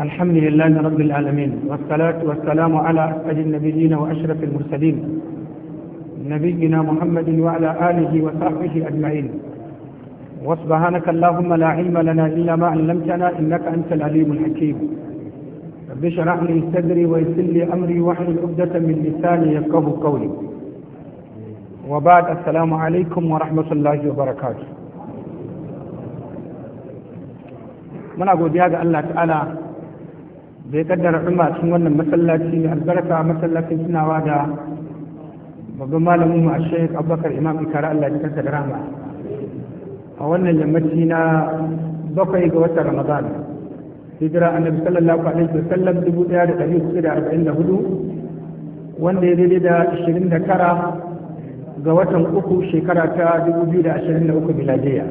الحمد لله رب العالمين والصلاة والسلام على أسعد النبيين وأشرف المرسلين نبينا محمد وعلى آله وصحبه أجمعين وسبحانك اللهم لا علم لنا إلا ما علمتنا إنك أنت العليم الحكيم رب اشرح لي صدري ويسر لي أمري واحلل عقدة من لساني يفقه قولي وبعد السلام عليكم ورحمة الله وبركاته من أقول ga الله تعالى zai kaddara ɗumba cikin wannan masallaci mai albarka masallacin tunawa da babban malamin mu a shek abubakar imam ikara allah ji kansa da rahama a wannan yammaci na bakwai ga watan ramadan hijira annabi sallallahu alaihi wasallam dubu ɗaya da ɗari hudu da arba'in da hudu wanda ya daidai da ashirin da tara ga watan uku shekara ta dubu biyu da ashirin da uku miladiya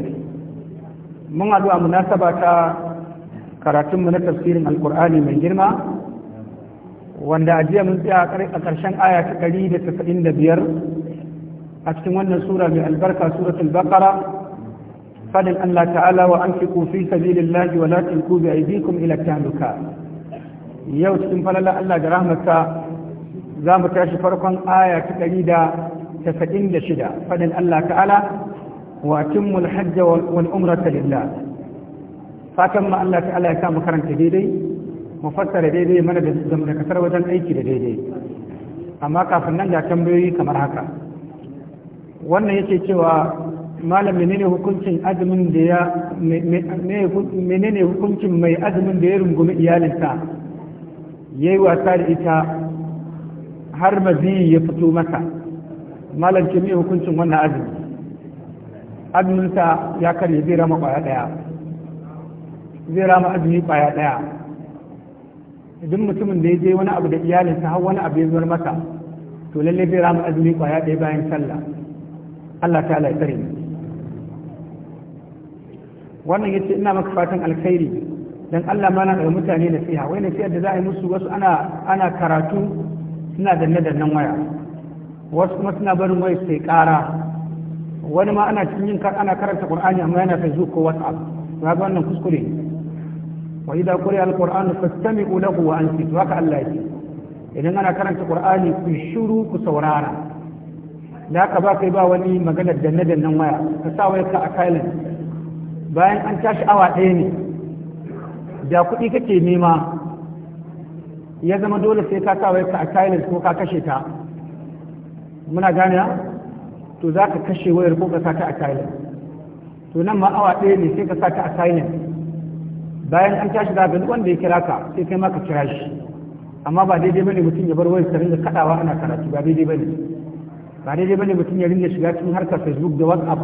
mun addu'a munasaba ta karatunmu na tafsirin alkur'ani mai girma wanda ajiya mun tsaya a ƙarshen aya ta ɗari da tasa'in da biyar a cikin wannan sura mai albarka suratul baqara fadin Allah ta'ala wa anfiqu fi sabilillahi wa latin tulqu bi ila yau cikin falala Allah da rahmatsa za mu tashi farkon aya ta ɗari da tasa'in da shida fadin Allah ta'ala wa atimmul wani wal umrata lillah fatan ma Allah ta'ala ya samu karanta daidai mu fassara daidai mana da kasar wajen aiki da daidai amma kafin nan ga tambayoyi kamar haka wannan yake cewa malam menene hukuncin azumin da ya menene hukuncin mai azumin da ya rungumi iyalinsa yayi wasa da ita har mazi ya fito masa malam ke mai hukuncin wannan azumi azuminsa ya karye zai rama kwaya daya zai rama azumi kwaya ɗaya idan mutumin da ya je wani abu da iyalinsa har wani abu ya zuwar masa to lallai zai rama azumi kwaya daya bayan sallah Allah ta ala tsare wannan yace ina maka fatan alkhairi dan Allah ma na da mutane siya wai nasihar da za a yi musu wasu ana ana karatu suna danne dannan waya wasu kuma suna barin waya sai kara wani ma ana cikin yin ana karanta qur'ani amma yana facebook ko whatsapp ga wannan kuskure wa idza quri'a alqur'anu fastami'u lahu wa ansitu haka Allah ya idan ana karanta qur'ani ku shiru ku saurara da haka ba kai ba wani maganar danne dannen waya ka sa waya ka a silent bayan an tashi awa ɗaya ne da kuɗi kake nema ya zama dole sai ka sa waya ka a silent ko ka kashe ta muna gane to za ka kashe wayar ko ka sa ta a silent to nan ma awa ɗaya ne sai ka sa ta a silent bayan an tashi da ga wanda ya kira ka sai kai ma ka kira shi amma ba daidai bane mutum ya bar wayar sa ringa kadawa ana karatu ba daidai bane ba daidai bane mutum ya ringa shiga cikin harkar Facebook da WhatsApp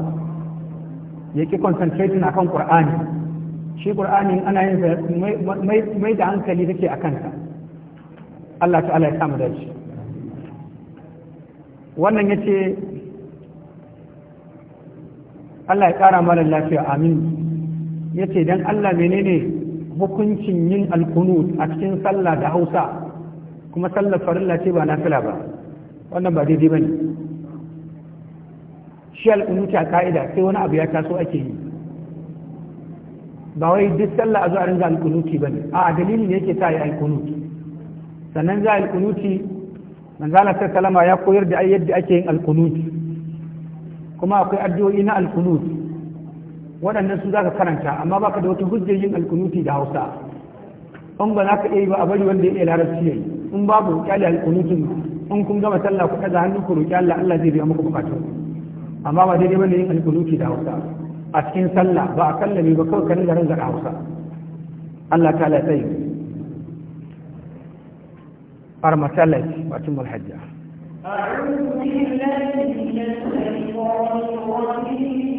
ya ki concentrating akan Qur'ani shi Qur'ani ana yin mai da hankali take akan sa Allah ta'ala ya kama dace wannan yace Allah ya kara mana lafiya amin yace dan Allah menene hukuncin yin alkunut a cikin sallah da hausa kuma sallar farilla ce ba nafila ba wannan ba daidai ba ne shi alkunut a ka'ida sai wani abu ya taso ake yi ba wai duk sallah a zuwa rinza alkunuti ba ne a dalilin ne yake ta yi alkunuti sannan za alkunuti manzana sai salama ya koyar da yadda ake yin alkunuti kuma akwai addu'o'i na alkunuti waɗannan su za ka karanta amma ba ka da wata hujjar yin alkunuti da hausa in ba za ka iya yi ba a bari wanda ya iya larabci in ba in babu kyale alkunutin in kun gama sallah ku ɗaga hannu ku roƙi Allah Allah zai biya muku bukatu amma ba daidai bane yin alkunuti da hausa a cikin sallah ba a kallame ba kawai ka ringa ringa da hausa Allah ta la tsayi armatalati wato mulhajja أعوذ بالله من الشيطان الرجيم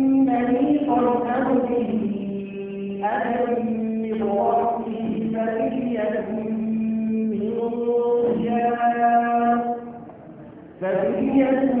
فبنية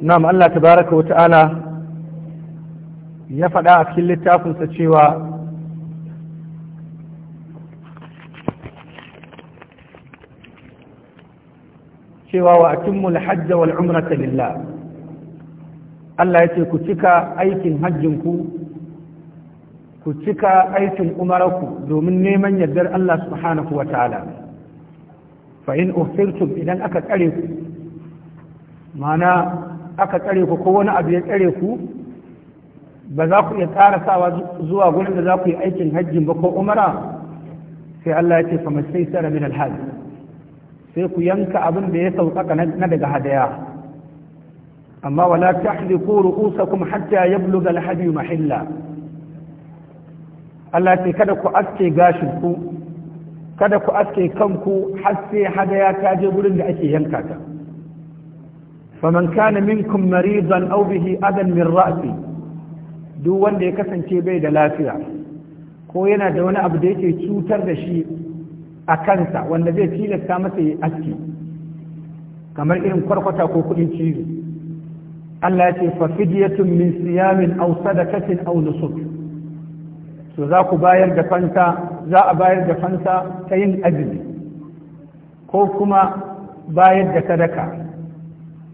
na'am Allah tabaraka wa ta'ala ya faɗa a cikin littafinsa cewa cewa wa atimmul hajja wal umrata lillah Allah yace ku cika aikin hajjin ku ku cika aikin umararku domin neman yardar Allah subhanahu wa ta'ala fa in uhsirtum idan aka tsare ku mana aka tsare ku ko wani abu ya tsare ku ba za ku iya sawa zuwa gurin da za ku yi aikin hajji ba ko umara sai Allah ya ce fa sai sara min alhaj sai ku yanka abin da ya sauƙaƙa na daga hadaya amma wala tahliqu ru'usakum hatta yabluga alhadi Mahalla. Allah ce kada ku aske gashin ku kada ku aske kanku har sai hadaya ta je gurin da ake yanka ta faman kana minkum maridan aw bihi adan min ra'si duk wanda ya kasance bai da lafiya ko yana da wani abu da yake cutar da shi a kansa wanda zai tilasta masa ya aski kamar irin kwarkwata ko kudin cizo Allah ya ce fa min siyamin aw sadakatin aw nusuk to za ku bayar da fansa za a bayar da fansa ta yin azumi ko kuma bayar da sadaka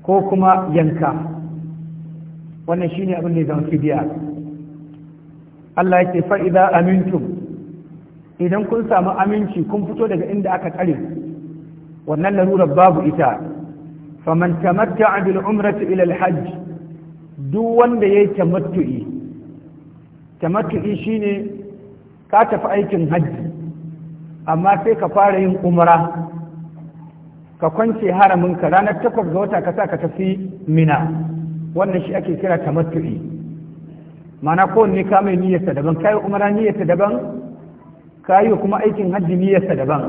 ko kuma yanka wannan shine abin da ya zama fidiya Allah yake fa'iza amintum idan kun samu aminci kun fito daga inda aka tsare wannan larurar babu ita faman tamatta'a bil umrati ila al hajj duk wanda yayi tamattu'i tamattu'i shine ka tafi aikin hajji amma sai ka fara yin umra ka kwance haraminka ranar takwas ga wata kasa ka tafi mina wannan shi ake kira matu'i mana kowanne ka mai niyyarsa daban ka yi umara niyyarsa daban ka yi kuma aikin hajji niyyarsa daban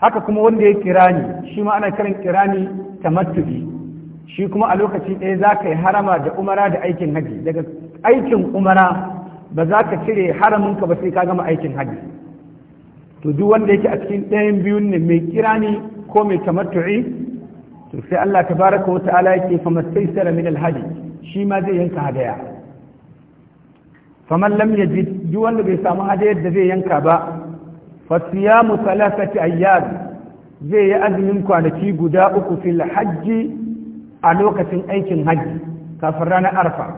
haka kuma wanda ya kira ni shi ma ana kiran kirani matu'i shi kuma a lokaci ɗaya za ka yi harama da umara da aikin hajji daga aikin umara ba za ka cire haraminka ba sai ka gama aikin hajji to duk wanda yake a cikin ɗayan biyun ne mai kirani ko mai tamattu'i to sai Allah tabaraka wa ta'ala yake fa mastaysara min alhadi shi ma zai yanka hadaya faman lam yajid duk wanda bai samu hadayar da zai yanka ba fa siyamu thalathati ayyam zai yi azumin kwanaki guda uku fil hajji a lokacin aikin hajji kafin ranar arfa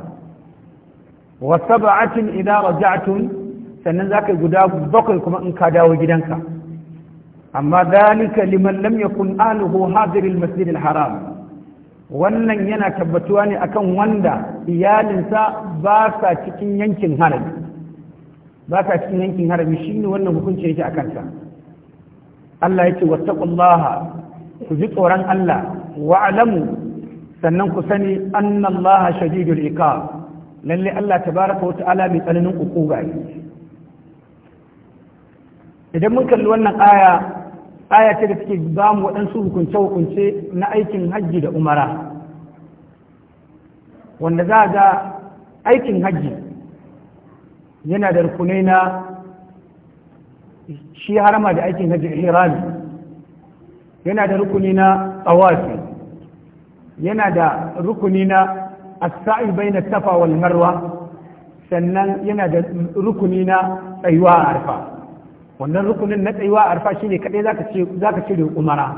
wa sab'atin idza raja'tum sannan za ka yi guda bakwai kuma in ka dawo gidanka amma zalika liman lam yakun ahluhu hadiril masjidil haram wannan yana tabbatuwa ne akan wanda iyalinsa ba sa cikin yankin harami ba sa cikin yankin harami shine wannan hukunci yake akan sa Allah yake wattaqullaha ku ji tsoron Allah wa alamu sannan ku sani annallaha shadidul iqab lalle Allah tabaraka wa ta'ala mai tsananin ukuba ne idan mun kalli wannan aya aya ce da take ba mu waɗansu hukunce-hukunce na aikin hajji da umara wanda za ga aikin hajji yana da rukunai na shi harama da aikin hajji ihrami yana da rukuni na tsawafi yana da rukuni na as-sa'i na safa wal marwa sannan yana da rukuni na tsayuwa a arfa wannan rukunin na tsayuwa a ne kaɗai za ka cire umara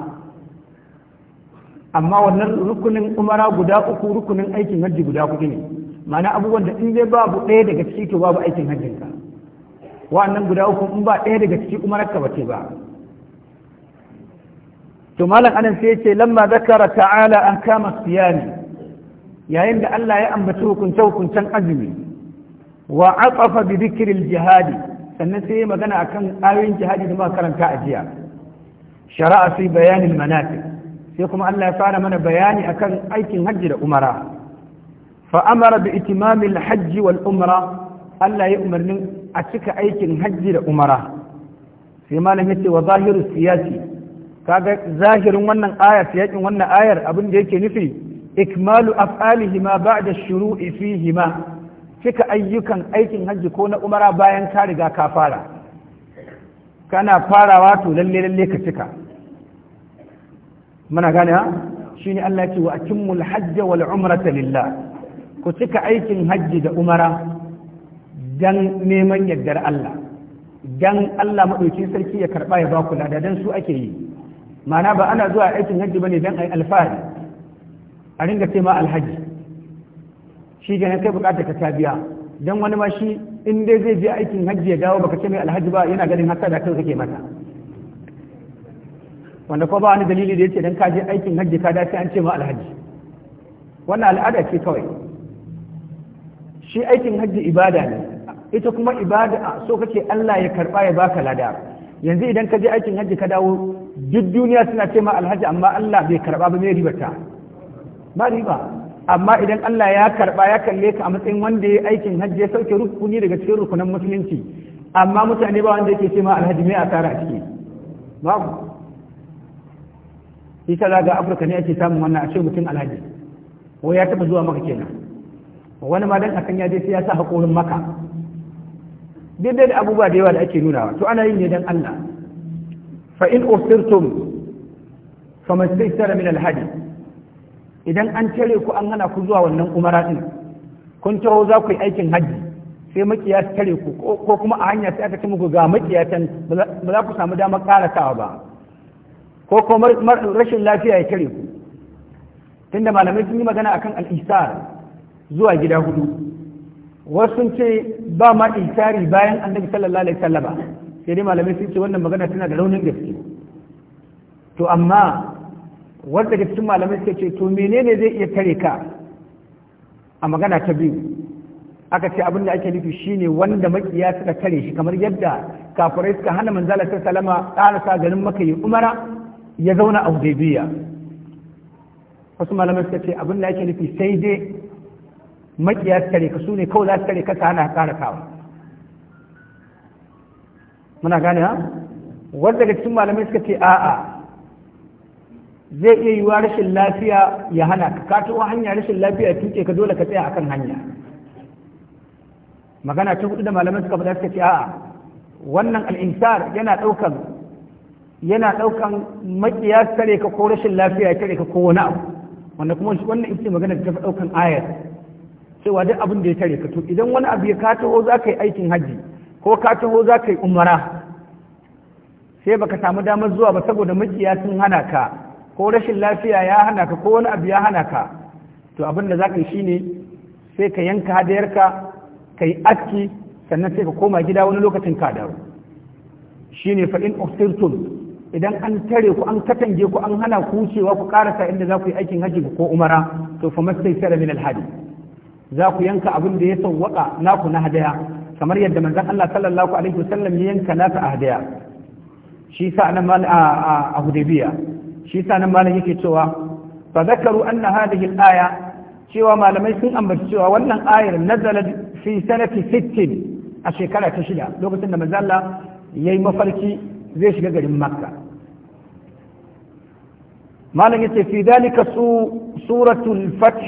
amma wannan rukunin umara guda uku rukunin aikin hajji guda hudu ne mana abubuwan da in zai babu ɗaya daga ciki to babu aikin hajjin ka wa'annan guda uku in ba ɗaya daga ciki umarar ka bace ba to malam anan sai yace lamma zakara ta'ala an kama siyani yayin da Allah ya ambaci hukuncen hukuncen azumi wa aqafa bi dhikril jihadi sannan sai magana akan ayoyin jihadi da muka karanta a jiya shari'a sai bayanin manasik sai kuma Allah ya fara mana bayani akan aikin hajji da umara fa amara bi itimamil hajji wal umara Allah ya umarnin a cika aikin hajji da umara sai malam yace wa zahiru siyasi kaga zahirin wannan aya siyakin wannan ayar abin da yake nufi ikmalu af'alihi ma ba'da shuru'i fihi ma cika ayyukan aikin hajji ko na umara bayan ka riga ka fara kana farawa to lalle lalle ka cika muna gane ha shine Allah ya ce wa akimul hajja wal umrata lillah ku cika aikin hajji da umara dan neman yardar Allah dan Allah madauki sarki ya karba ya baku lada dan su ake yi ma'ana ba ana zuwa aikin hajji bane dan ai alfahari a ringa ce ma alhaji shi kenan kai bukatar ka ta biya dan wani ma shi in dai zai je aikin hajji ya dawo baka ce mai alhaji ba yana ganin haka da kai kake mata wanda ko ba wani dalili da yace dan ka je aikin hajji ka dace an ce ma alhaji wannan al'ada ce kawai shi aikin hajji ibada ne ita kuma ibada so kake Allah ya karba ya baka lada yanzu idan ka je aikin hajji ka dawo duk duniya suna ce ma alhaji amma Allah bai karba ba mai ribata ba riba amma idan Allah ya karba ya kalle ka a matsayin wanda ya aikin hajji ya sauke rukuni daga cikin rukunan musulunci amma mutane ba wanda yake ce ma alhaji mai asara a ciki babu ita zaga afirka ne ake samun wannan a ce mutum alhaji ko ya taba zuwa maka kenan wani ma dan akan ya je sai ya sa hakorin maka daidai da abubuwa da yawa da ake nunawa to ana yin ne dan Allah fa in usirtum fa istaysara min alhadi idan an tare ku an hana ku zuwa wannan umara din kun taho za ku yi aikin hajji sai makiya su tare ku ko kuma a hanya sai aka ce muku ga makiya can ba za ku samu damar karatawa ba ko kuma rashin lafiya ya tare ku tunda malamai sun yi magana akan al'isar zuwa gida hudu wasu sun ce ba ma isari bayan annabi sallallahu alaihi wasallama sai dai malamai sun ce wannan magana tana da raunin gaske to amma wanda daga cikin malamai suka ce to menene zai iya tare ka a magana ta biyu aka ce abin da ake nufi shine wanda makiya suka tare shi kamar yadda kafirai suka hana manzala ta salama ƙarasa garin makayi umara ya zauna a hudaybiya wasu malamai suka ce abin da ake nufi sai dai makiya su tare ka su ne kawai za su tare ka ka hana kawo muna gane ha wanda daga cikin malamai suka ce a'a zai iya wa rashin lafiya ya hana ka ka tuwa hanya rashin lafiya tuke ka dole ka tsaya akan hanya magana ta hudu da malaman suka faɗa suka ce a'a wannan al'insar yana ɗaukan yana ɗaukan makiya tare ka ko rashin lafiya tare ka ko wani abu wanda kuma wannan ita magana ta fi ɗaukan ayar cewa duk abin da ya tare ka to idan wani abu ya ka taho za ka yi aikin hajji ko ka taho za ka yi umara sai baka samu damar zuwa ba saboda maƙiya sun hana ka ko rashin lafiya ya hana ka ko wani abu ya hana ka to abin da za ka yi ne, sai ka yanka hadayarka ka yi aski sannan sai ka koma gida wani lokacin ka dawo shine fa in usirtum idan an tare ku an katange ku an hana ku wucewa ku karasa inda za ku yi aikin haji ko umara to fa mastaysara min alhadi za ku yanka abin da ya sawwaka naku na hadaya kamar yadda manzon Allah sallallahu alaihi wasallam ya yanka naka a hadaya shi sa nan a Hudaybiya shi yasa nan malam yake cewa fa zakaru anna hadhihi al-aya cewa malamai sun ambaci cewa wannan ayar nazala fi sanati 60 a shekara ta shida lokacin da manzo yayi mafarki zai shiga garin Makka malam yace fi dalika su suratul fath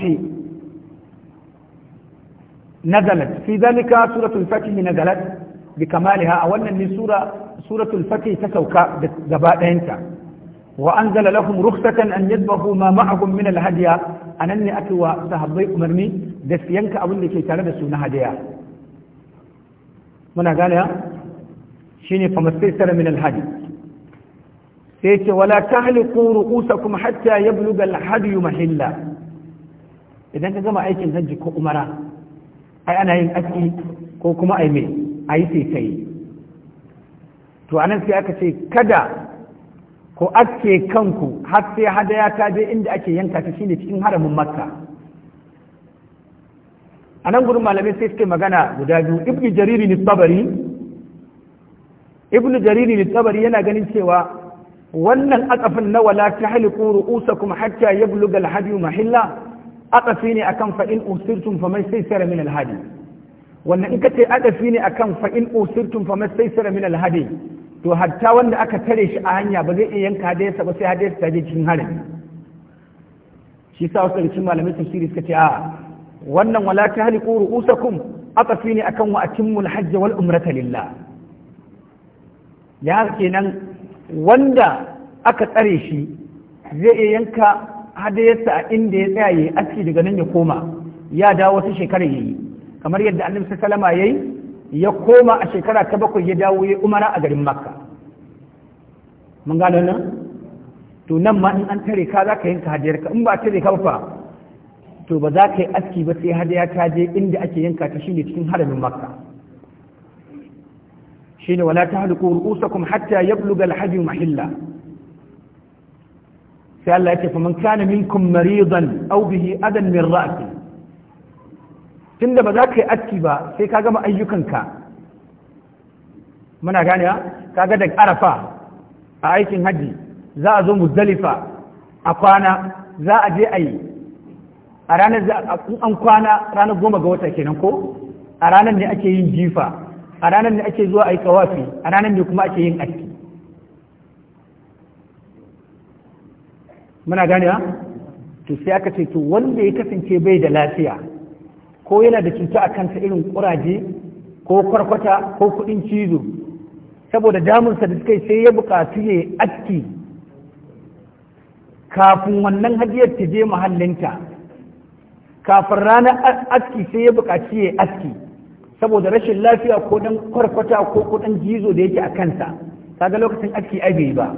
nazalat fi dalika suratul fath nazalat bi a wannan ne sura suratul fath ta sauka gaba ɗayanta وأنزل لهم رخصة أن يذبحوا ما معهم من الهدية أنني أتوا صحابي أمرني da su yanka abin da ke tare da su na hadaya muna gane shine fa mastaysara min alhadi sai ce wala tahliqu ru'usakum hatta yablugha alhadi mahilla idan ka gama aikin hajji ko umara ai ana yin aski ko kuma ai me ayi sai sai to anan sai aka ce kada ku aske kanku har sai hadaya ta je inda ake yanka ta shine cikin haramin makka a nan gurin malamai sai suke magana guda biyu ibnu jariri ni tabari ibnu jariri ni tabari yana ganin cewa wannan akafin na wala tahliqu ru'usakum hatta yabluga al-hadi mahilla akafi ne akan fa in usirtum fa sai sara min al-hadi wannan in kace akafi ne akan fa in usirtum fa sai sara min al to hatta wanda aka tare shi a hanya ba zai iya yanka hadayarsa ba sai hadayarsa ta je cikin harin shi sa wasu cikin malamai tafsiri suka ce a wannan wala ta haliku ru'usakum aqafi ne akan wa atimmul hajj wal umrata lillah ya kenan wanda aka tsare shi zai iya yanka hadayarsa a inda ya tsaya yayi aski daga nan ya koma ya dawo wasu shekara yayi kamar yadda annabi wasallam yayi ya koma a shekara ta bakwai ya dawo ya umara a garin makka mun gano nan to nan ma in an tare ka za ka yanka hadiyarka in ba tare ka fa to ba za ka yi aski ba sai hadiya ta je inda ake yanka ta shine cikin haramin makka shine wala ta tahliqu ru'usakum hatta yabluga al-hajj mahilla sai Allah ya ce fa man kana minkum maridan aw bihi adan min ra'si tunda ba za ka yi aski ba sai ka gama ayyukanka muna gane ka ga daga arafa a aikin hajji za a zo muzdalifa a kwana za a je a yi a ranar an kwana ranar goma ga wata kenan ko a ranar ne ake yin jifa a ranar ne ake zuwa a yi kawafi a ranar ne kuma ake yin aski muna gane to sai aka ce to wanda ya kasance bai da lafiya ko yana da cuta a kansa irin kuraje ko kwarkwata ko kudin cizo saboda damunsa da suka yi sai ya bukatu ya aski kafin wannan hajiyar ta je mahallinta kafin ranar aski sai ya bukaci ya aski saboda rashin lafiya ko dan kwarkwata ko kudin cizo da yake a kansa kaga lokacin aski ai ba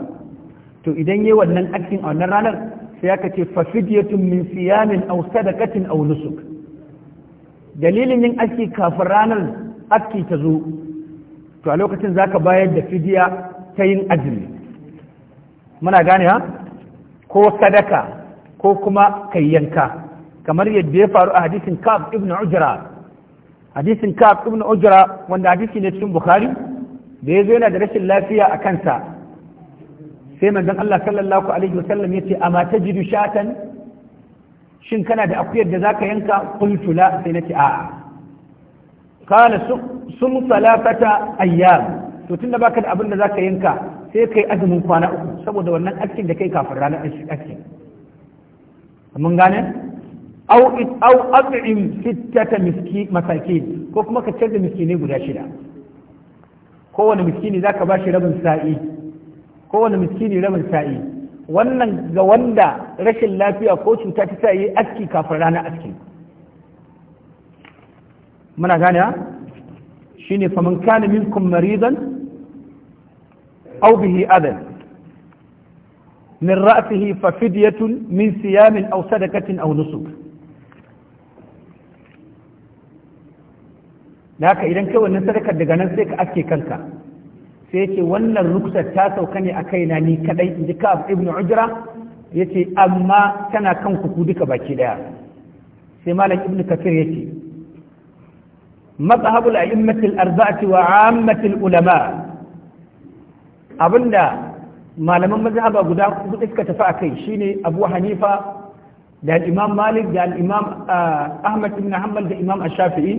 to idan yayi wannan askin a wannan ranar sai aka ce fa min siyamin aw sadaqatin aw nusuk dalilin yin aski kafin ranar aski ta zo to a lokacin zaka bayar da fidiya ta yin azumi muna gane ha ko sadaka ko kuma kai yanka kamar yadda ya faru a hadisin kaf ibn ujra hadisin kaf ibn ujra wanda hadisi ne cikin bukhari da ya zo yana da rashin lafiya a kansa sai manzon Allah sallallahu alaihi wasallam yace amma tajidu shatan shin kana da akuyar da zaka yanka qultu la sai nace a'a kana sum salatata ayyam to tunda baka da abin da zaka yanka sai kai azumin kwana uku saboda wannan askin da kai kafin ranar askin mun gane au au at'im sittata miski masakin ko kuma ka canza da ne guda shida kowane miskini zaka bashi rabin sa'i kowane ne rabin sa'i wannan ga wanda rashin lafiya ko cuta ta sa yi aski kafin rana aski muna gane shine faman kana minkum maridan aw bihi adan من رأسه ففدية من صيام أو صدقة أو نسك da haka idan kai wannan sadakar daga nan sai ka aske kanka sai ce wannan ruksar ta sauka ne a kaina ni kadai in ji ka ibn ujra yace amma tana kan ku duka baki daya sai malam ibn kafir yace mazhabul a'immatil arba'ati wa 'ammatil ulama abinda malaman mazhaba guda hudu suka tafi akai shine abu hanifa da al-imam malik da al-imam ah, ahmad ibn hanbal da imam ash-shafi'i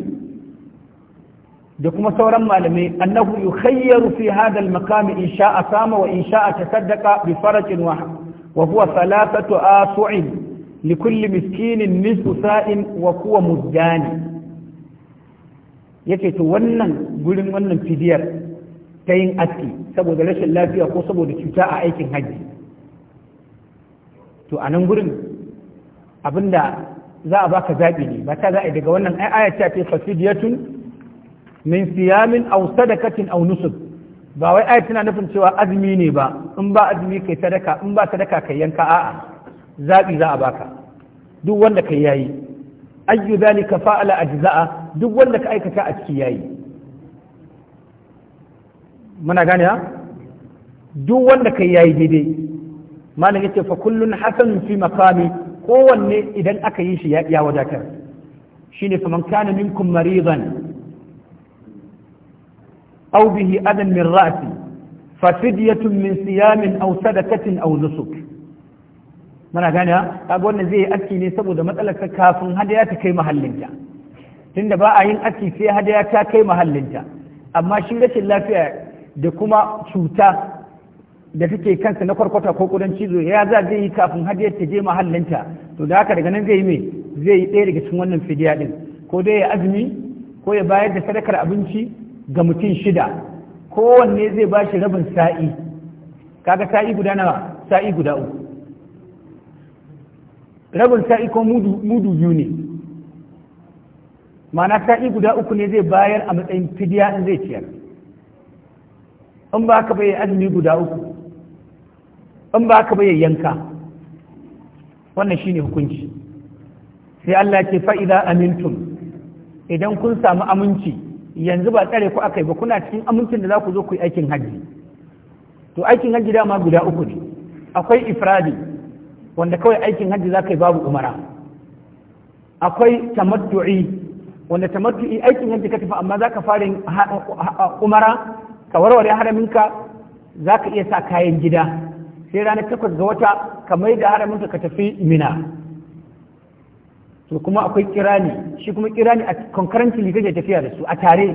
da kuma sauran malamai annahu yukhayyaru fi hadha al-maqam in sha'a sama wa in sha'a tasaddaqa bi farajin wa wa huwa thalathatu asu'in li kulli miskinin nisfu sa'in wa huwa muzdani yake to wannan gurin wannan fidiyar ta yin aski saboda rashin lafiya ko saboda cuta a aikin hajji to a nan gurin abinda za a baka zaɓi ne ba ta za a daga wannan ayat ta fi fasfidiyatun min siyamin aw sadakatin aw nusuk ba wai ayat tana nufin cewa azumi ne ba in ba azumi kai sadaka in ba sadaka kai yanka a'a zabi za a baka duk wanda kai yayi ayyu zalika fa'ala ajza'a duk wanda ka aikata a ciki yayi muna gane ha duk wanda kai yayi daidai malam yace fa kullun hasanun fi maqami kowanne idan aka yi shi ya wadatar shine faman kana minkum maridan aubihi bihi adan min ra'si fa fidyatun min siyamin aw sadaqatin aw nusuk mana gane kaga wannan zai yi aski ne saboda matsalar kafin hadaya ta kai mahallinta tunda ba a yin aski sai hadaya ta kai mahallinta amma shi rashin lafiya da kuma cuta da take kansa na kwarkwata ko kudan cizo ya za zai yi kafin hadiyar ta je mahallinta to da haka daga nan zai yi mai zai yi ɗaya daga cikin wannan fidiya din ko dai ya azumi ko ya bayar da sadakar abinci ga mutum shida kowanne zai ba shi rabin sa'i kaga sa'i guda nawa sa'i guda uku rabin sa'i ko mudu biyu ne ma'ana sa'i guda uku ne zai bayar a matsayin fidiya in zai ciyar in ba ka bai azumi guda uku in ba ka bai yanka wannan shine hukunci sai Allah ce fa'ida amintum idan kun samu aminci yanzu ba tsare ku aka yi ba kuna cikin amincin da za ku zo ku yi aikin hajji to aikin hajji dama guda uku ne akwai ifradi wanda kawai aikin hajji za ka yi babu umara akwai tamattu'i wanda tamattu'i aikin hajji ka tafi amma za ka fara umara ka warware haraminka za ka iya sa kayan gida sai ranar takwas ga wata ka mai da haraminka ka tafi mina to kuma akwai kirani shi kuma kirani a concurrently kake tafiya da su a tare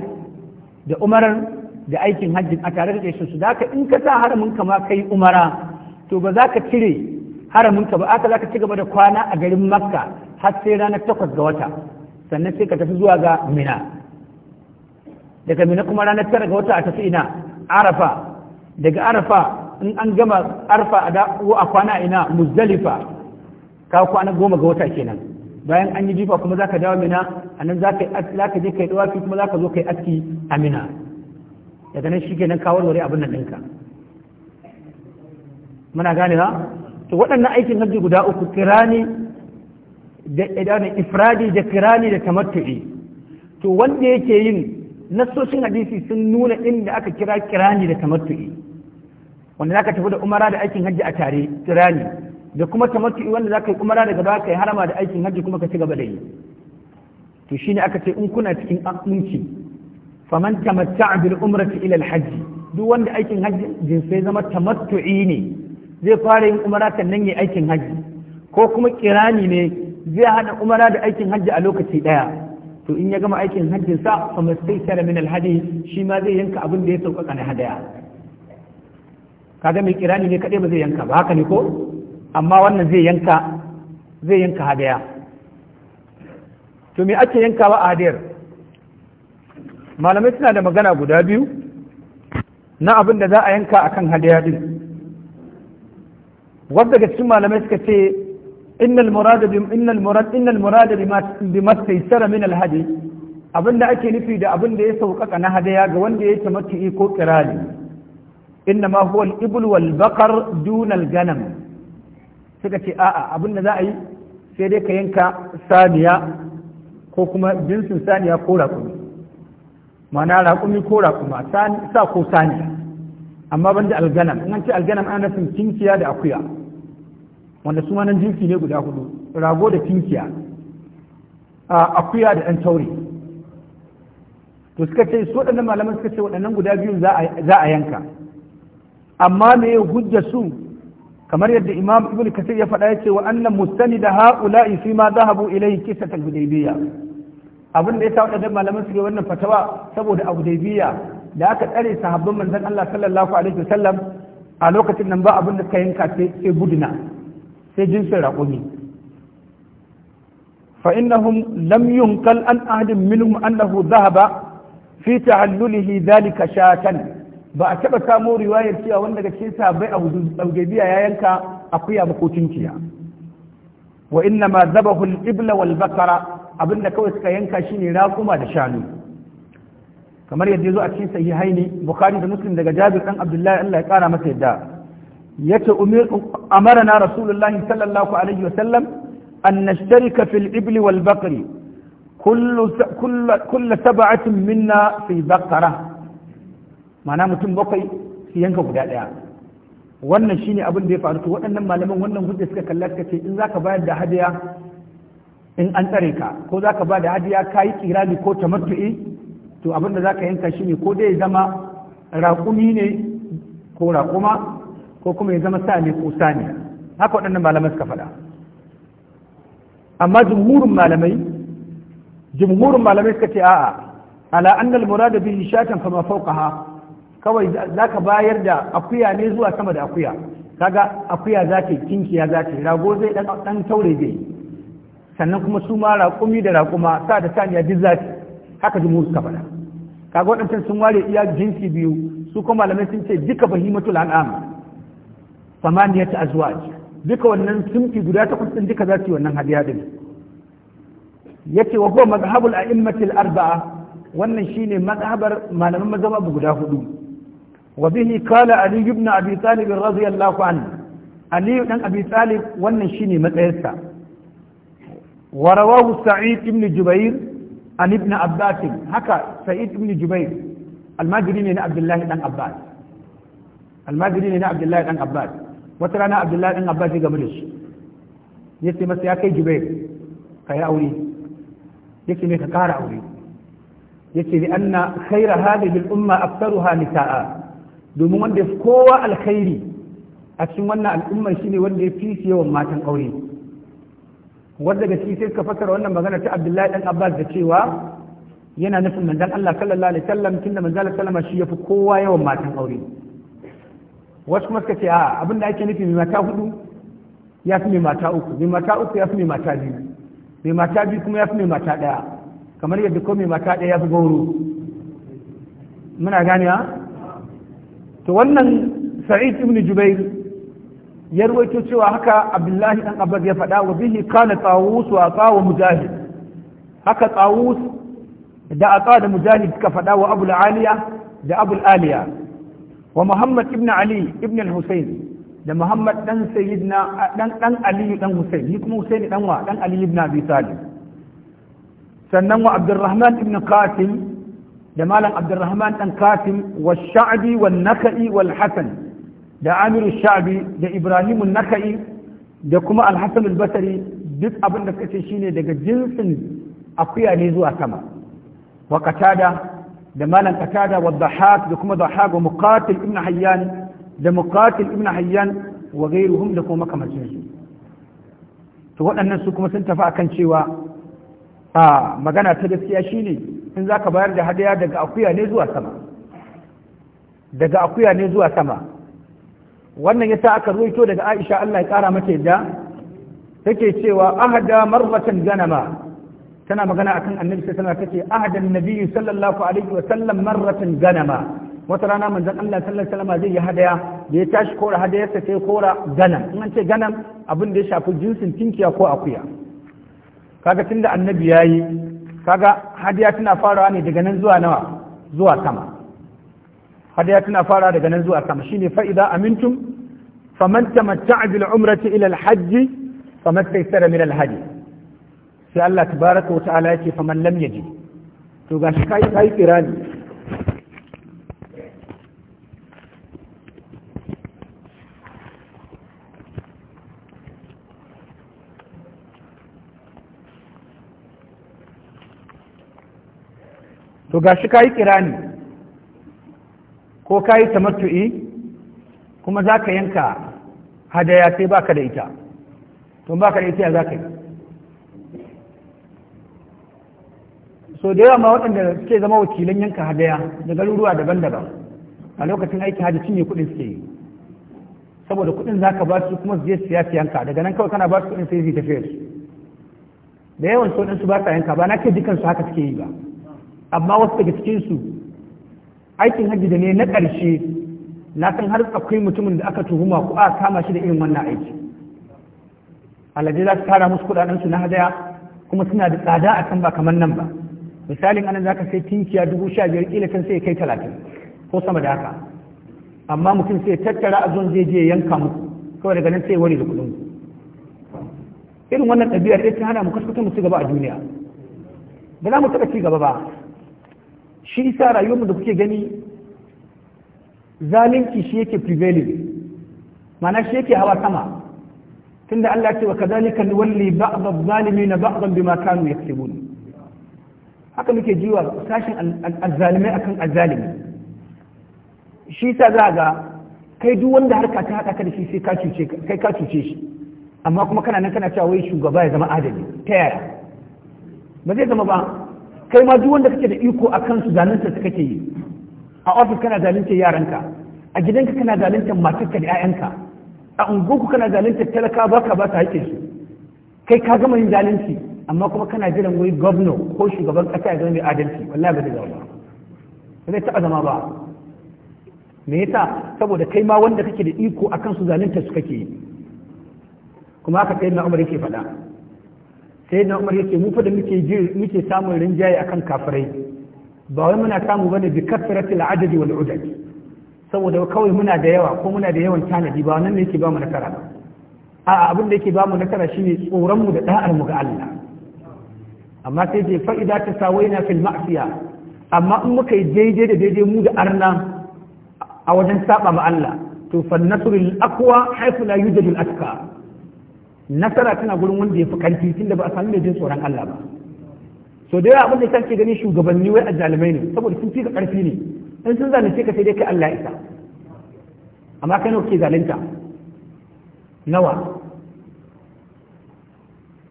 da umarar da aikin hajji a tare da su da in ka sa haramin ka ma kai umara to ba za ka cire haramin ka ba aka za ka ci gaba da kwana a garin makka har sai ranar takwas ga wata sannan sai ka tafi zuwa ga mina daga mina kuma ranar tara ga wata a tafi ina arafa daga arafa in an gama arfa a kwana ina muzdalifa ka kwana goma ga wata kenan bayan an yi jifa kuma za ka dawo mina a nan za ka je kai dawafi kuma za ka zo kai aski a mina daga nan shi ke nan kawo wari abin nan ɗinka muna gane ha to waɗannan aikin hajji guda uku kirani da idanin eh, ifradi da kirani da tamattu'i to wanda yake yin nasoshin hadisi sun nuna inda aka kira kirani da tamattu'i wanda za ka tafi da umara da aikin hajji a tare kirani da kuma tamattu wanda za ka yi umara daga baya kai harama da aikin hajji kuma ka ci da yi to shine aka ce in kuna cikin aminci faman tamatta'a bil umrati ila al hajj duk wanda aikin hajji sai zama tamattu'i ne zai fara yin umara nan ya aikin hajji ko kuma kirani ne zai hada umara da aikin hajji a lokaci daya to in ya gama aikin hajjin sa fa mastaysara min al hadi shi ma zai yanka abin da ya sauka kana hadaya kaga mai kirani ne kadai ba zai yanka ba haka ne ko amma wannan zai yanka zai yanka hadaya to me ake yankawa a hadayar malamai suna da magana guda biyu na abin da za a yanka akan hadaya din wadda daga cikin malamai suka ce innal murada bi innal murad innal murad bi mastaysara min al hadi abinda ake nufi da abin da ya sauƙaƙa na hadaya ga wanda ya tamattu'i ko kirali inna ma huwa al ibl wal baqar dun al ganam suka ce a'a abin da za a yi sai dai ka yanka saniya ko kuma jinsin saniya ko raƙumi ma'ana raƙumi ko raƙuma sa ko saniya amma ban da alganam in an ce alganam ana nufin kinkiya da akuya wanda su nan jinsi ne guda hudu rago da kinkiya akuya da ɗan taure to suka ce su waɗannan malaman suka ce waɗannan guda biyu za a yanka amma me hujja su kamar yadda imam ibn kasir ya faɗa yace wa annan mustani da ha'ula'i fi ma zahabu ilayhi qissat al-hudaybiyya abin da ya sa wadannan malaman suke wannan fatawa saboda a hudaybiyya da aka tsare sahabban manzon Allah sallallahu alaihi wasallam a lokacin nan ba abin da suka yanka sai guduna sai jinsin raƙumi fa innahum lam yunqal an ahadin minhum annahu dhahaba fi ta'allulihi dhalika shatan ba a taɓa samo riwayar cewa wanda ga cikin sahabbai a hudaybiya ya yanka akuya ba ko tunkiya wa inna ma zabahu al-ibla wal bakara abinda kawai suka yanka shine raƙuma da shanu kamar yadda zo a cikin sahihaini bukhari da muslim daga jabir dan abdullahi Allah ya kara masa yadda yace umir amarna rasulullahi sallallahu alaihi wa sallam an nashtarika fil ibli wal bakri kullu kullu sab'atin minna fi ma'ana mutum bakwai su yanka guda ɗaya wannan shine abin da ya faru to waɗannan malaman wannan hujja suka kalla suka ce in zaka bayar da hadiya in an tsare ka ko zaka ba da hadiya kayi kirani ko tamattu'i to abin da zaka yanka shine ko dai ya zama raƙumi ne ko raƙuma ko kuma ya zama sa ko sani haka waɗannan malamai suka faɗa amma jumhurin malamai jumhurin malamai suka ce a'a ala annal murada bihi shatan fama fawqaha kawai za ka bayar da akuya ne zuwa sama da akuya kaga akuya za ta kinkiya za ta rago zai dan taure zai sannan kuma su ma raƙumi da raƙuma sa da saniya duk za haka jimu suka faɗa kaga waɗancan sun ware iya jinsi biyu su kuma malamai sun ce duka bahimatul an'am ta azuwa duka wannan sunfi guda takwas din duka za su yi wannan hadiya din ce wa huwa mazhabul a'immatil arba'a wannan shine mazhabar malaman mazhab guda hudu وبه قال علي بن أبي طالب رضي الله عنه علي بن أبي طالب ونشيني متأسى ورواه سعيد بن جبير عن ابن عباس هكا سعيد بن جبير المجري من عبد الله بن عباس المجري من عبد الله بن عباس وترانا عبد الله بن عباس قبل يسي yace جبير ya kai jubair ka yi aure yace me ka kara aure yace li domin wanda ya fi kowa alkhairi a cikin wannan al'ummar shine wanda ya fi yawan matan aure wanda daga ciki sai suka fasara wannan magana ta Abdullahi dan Abbas da cewa yana nufin manzon Allah sallallahu alaihi wasallam da manzon Allah sallama shi fi kowa yawan matan aure wasu kuma suka ce a abinda ake nufi mai mata hudu ya fi mai mata uku mai mata uku ya fi mai mata biyu mai mata biyu kuma ya fi mai mata ɗaya, kamar yadda ko mai mata ɗaya ya fi gauro muna ganewa to wannan sa'id ibn jubair ya rawaito cewa haka abdullahi dan abbas ya faɗa wa bihi kana tawus wa atawa mujahid haka tawus da ata da mujahid ka faɗa wa abul aliya da abul aliya wa muhammad ibn ali ibn al-husayn da muhammad dan sayyidina dan dan ali dan husayn ni kuma husayn dan wa dan ali ibn abi talib sannan wa abdurrahman ibn qasim da malam abdurrahman dan kasim wa sha'bi wa naka'i wal Hassan, da amiru sha'bi da ibrahimu naka'i da kuma al-hasan duk abin da kace shine daga jinsin akuya ne zuwa sama wa da malam katada wa dhahak da kuma dhahak wa muqatil ibn hayyan da muqatil ibn hayyan wa ghayruhum da kuma makamacin su to waɗannan su kuma sun tafi akan cewa a magana ta gaskiya shine in za ka bayar da hadaya daga akuya ne zuwa sama daga akuya ne zuwa sama wannan yasa aka ruwaito daga aisha allah ya kara mata yadda take cewa ahada marratan ganama tana magana akan annabi sai tana take ahadan nabiyyu sallallahu alaihi wa sallam marratan ganama wata rana manzon Allah sallallahu alaihi sallam zai yi hadaya da ya tashi kora sa sai kora ganam in an ce ganam abin da ya shafi jinsin tinkiya ko akuya kaga tunda annabi yayi kaga hadiya tana farawa ne daga nan zuwa nawa zuwa sama hadiya tana farawa daga nan zuwa sama shine faida idza amintum faman tamatta'a bil umrati ila al hajj famastaysara min al sai Allah tabaraka wa ta'ala yake faman lam yaji to gashi kai kai kirani to ga gashi kayi kirani ko kayi tamattu'i kuma za ka yanka hadaya sai ba ka da ita to ba ka da ita za ka yi so da yawa ma waɗanda suke zama wakilan yanka hadaya da garuruwa daban-daban a lokacin aiki hajji cinye kuɗin suke yi saboda kuɗin za ka ba su kuma su je su siya yanka daga nan kawai kana ba su kuɗin sai su tafiya su da yawan su waɗansu ba sa yanka ba na ke dukansu haka suke yi ba amma wasu daga cikin su aikin hajji da ne na ƙarshe na san har akwai mutumin da aka tuhuma ko aka kama shi da irin wannan aiki alaje za su tara musu su na hadaya kuma suna da tsada a kan ba kamar nan ba misalin anan za sai tinkiya dubu sha biyar kila kan sai kai talatin ko sama da haka amma mutum sai tattara a zon zai yanka muku kawai daga nan sai wani da kuɗin irin wannan ɗabi'ar ita hana mu kaskuta mu ci gaba a duniya ba za mu taɓa ci gaba ba shi isa rayuwarmu da kuke gani zalunci shi yake prevailing mana shi yake hawa sama tunda Allah ce wa kadhalika walli ba'd adh ba'dan bima kanu yaktubun haka muke jiwa sashin azzalimai akan azzalimi shi sa za ga kai duk wanda harka ta haɗa kada da shi sai ka cuce kai ka cuce shi amma kuma kana nan kana cewa wai shugaba ya zama adali ta yaya ba zai zama ba kai ma duk wanda kake da iko a kansu zalunta su kake yi a ofis kana zalunta yaranka a gidanka kana zalunta matarka da 'ya'yanka a unguwarku kana zalunta talaka ba ka ba ta haƙe su kai ka gama yin zalunci amma kuma kana jiran wai gwamna ko shugaban ƙasa ya zama mai adalci wallahi ba zai zama ba ba zai taɓa zama ba me yasa saboda kai ma wanda kake da iko a su zalunta su kake yi kuma haka sai na umar yake faɗa sai na umar yake mu fa da muke muke samun rinjaye akan kafirai ba wai muna samu bane bi kasratil adad wal udad saboda kawai muna da yawa ko muna da yawan tanadi ba wannan ne yake ba mu nasara ba a'a abin da yake ba mu nasara shine tsoron mu da da'ar mu ga Allah amma sai ce fa idza tasawaina fil ma'siya amma in muka yi daidai da daidai mu da arna a wajen saba ma Allah to fa nasrul aqwa haythu la yujadu al atqa nasara tana gurin wanda ya fi karfi tunda ba a sami mai jin tsoron Allah ba so da yawa abin da kake gani shugabanni wai azzalumai ne saboda sun fi ka karfi ne in sun zalunce ka sai dai kai Allah isa amma kai nawa ke zalunta nawa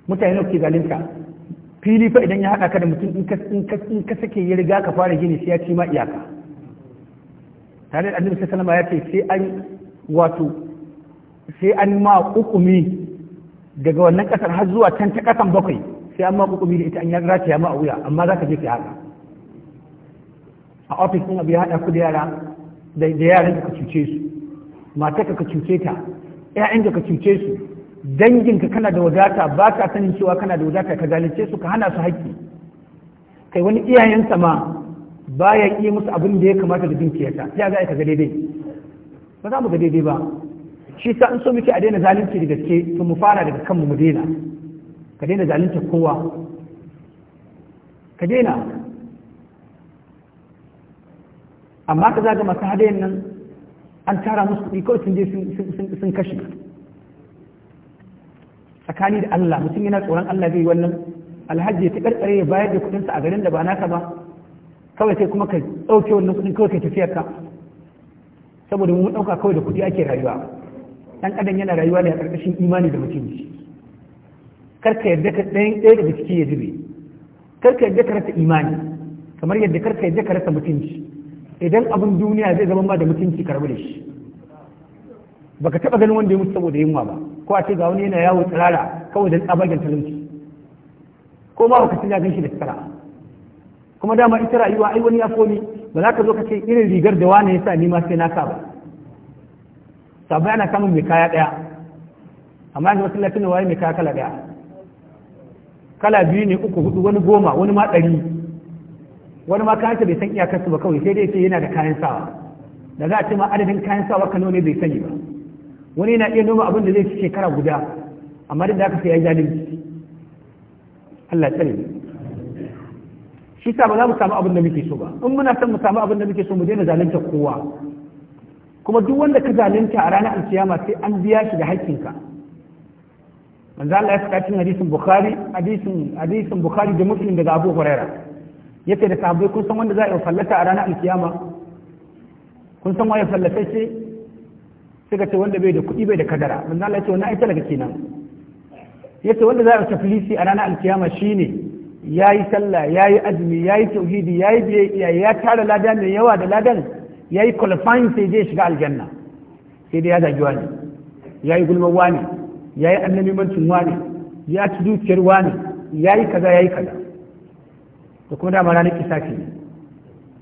mutane nawa ke zalunta fili fa idan ya haɗa ka da mutum in ka sake ya riga ka fara gini sai ya ci ma iyaka tare da annabi sallallahu alaihi wasallam ya ce sai an wato sai an ma hukumi daga wannan kasar har zuwa can ta kasan bakwai sai an ma kumi da ita an ya ta ma a wuya amma za ka je ka haka a ofis ɗin abu ya haɗa ku da yara da yaran ka cuce su matarka ka cuce ta ƴaƴan ka cuce su danginka kana da wadata ba ka sanin cewa kana da wadata ka zalunce su ka hana su haƙƙi kai wani iyayensa ma ba ya iya musu abin da ya kamata da dukiyarta ya za ka ga daidai ba za mu ga daidai ba shi sa an so muke a daina zalunci da gaske to mu fara daga kanmu mu daina ka daina zalunci kowa ka daina amma ka zaga masu hadayen nan an tara musu kuɗi kawai sun je sun kashe tsakani da Allah mutum yana tsoron Allah zai wannan alhaji ya ta ya bayar da kuɗinsa a garin da ba naka ba kawai sai kuma ka ɗauke wannan kuɗin kawai ka tafiya ka saboda mun ɗauka kawai da kuɗi ake rayuwa Ɗan adam yana rayuwa ne a ƙarƙashin imani da mutunci karka yadda ka ɗayan ɗaya daga ciki ya zube karka yadda ka rasa imani kamar yadda karka yadda ka rasa mutunci idan abin duniya zai zama ma da mutunci karbi da shi baka taɓa ganin wanda ya mutu saboda yunwa ba ko a ce ga wani yana yawo tsirara kawai don tsabagen talauci ko ma baka tuna gan shi da tsara kuma dama ita rayuwa ai wani ya ba za ka zo ka ce irin rigar da wani ya sa ni ma sai na ka ba sabai ana samun mai kaya ɗaya amma yanzu masallacin lafi waye mai kaya kala ɗaya kala biyu ne uku hudu wani goma wani ma ɗari wani ma kayansa bai san iyakarsu ba kawai sai dai ce yana da kayan sawa da za a ce ma adadin kayan sawa kano ne bai sani ba wani yana iya noma abin da zai ci shekara guda amma duk da aka sai ya zalunci Allah tsare mu shi sa ba za mu samu abin da muke so ba in muna son mu samu abin da muke so mu daina zalunta kowa kuma duk wanda ka zalunta a ranar alkiyama sai an biya shi da haƙƙinka manzo Allah ya faɗa cikin hadisin Bukhari hadisin hadisin Bukhari da Muslim daga Abu Huraira yake da sahabbai kun san wanda za a yi fallata a ranar alkiyama kun san waye fallace suka ce wanda bai da kuɗi bai da kadara manzo Allah ya ce wannan aita daga kenan yace wanda za a yi tafilisi a ranar alkiyama shine ya yi sallah ya yi azumi ya yi tauhidi ya yi biyayya ya tara lada mai yawa da ladan ya yi qualifying sai zai shiga aljanna sai dai ya zagi wani ya yi gulma wani ya yi annabimancin wani ya ci dukiyar wani ya yi kaza ya yi kaza da kuma dama ranar kisa ce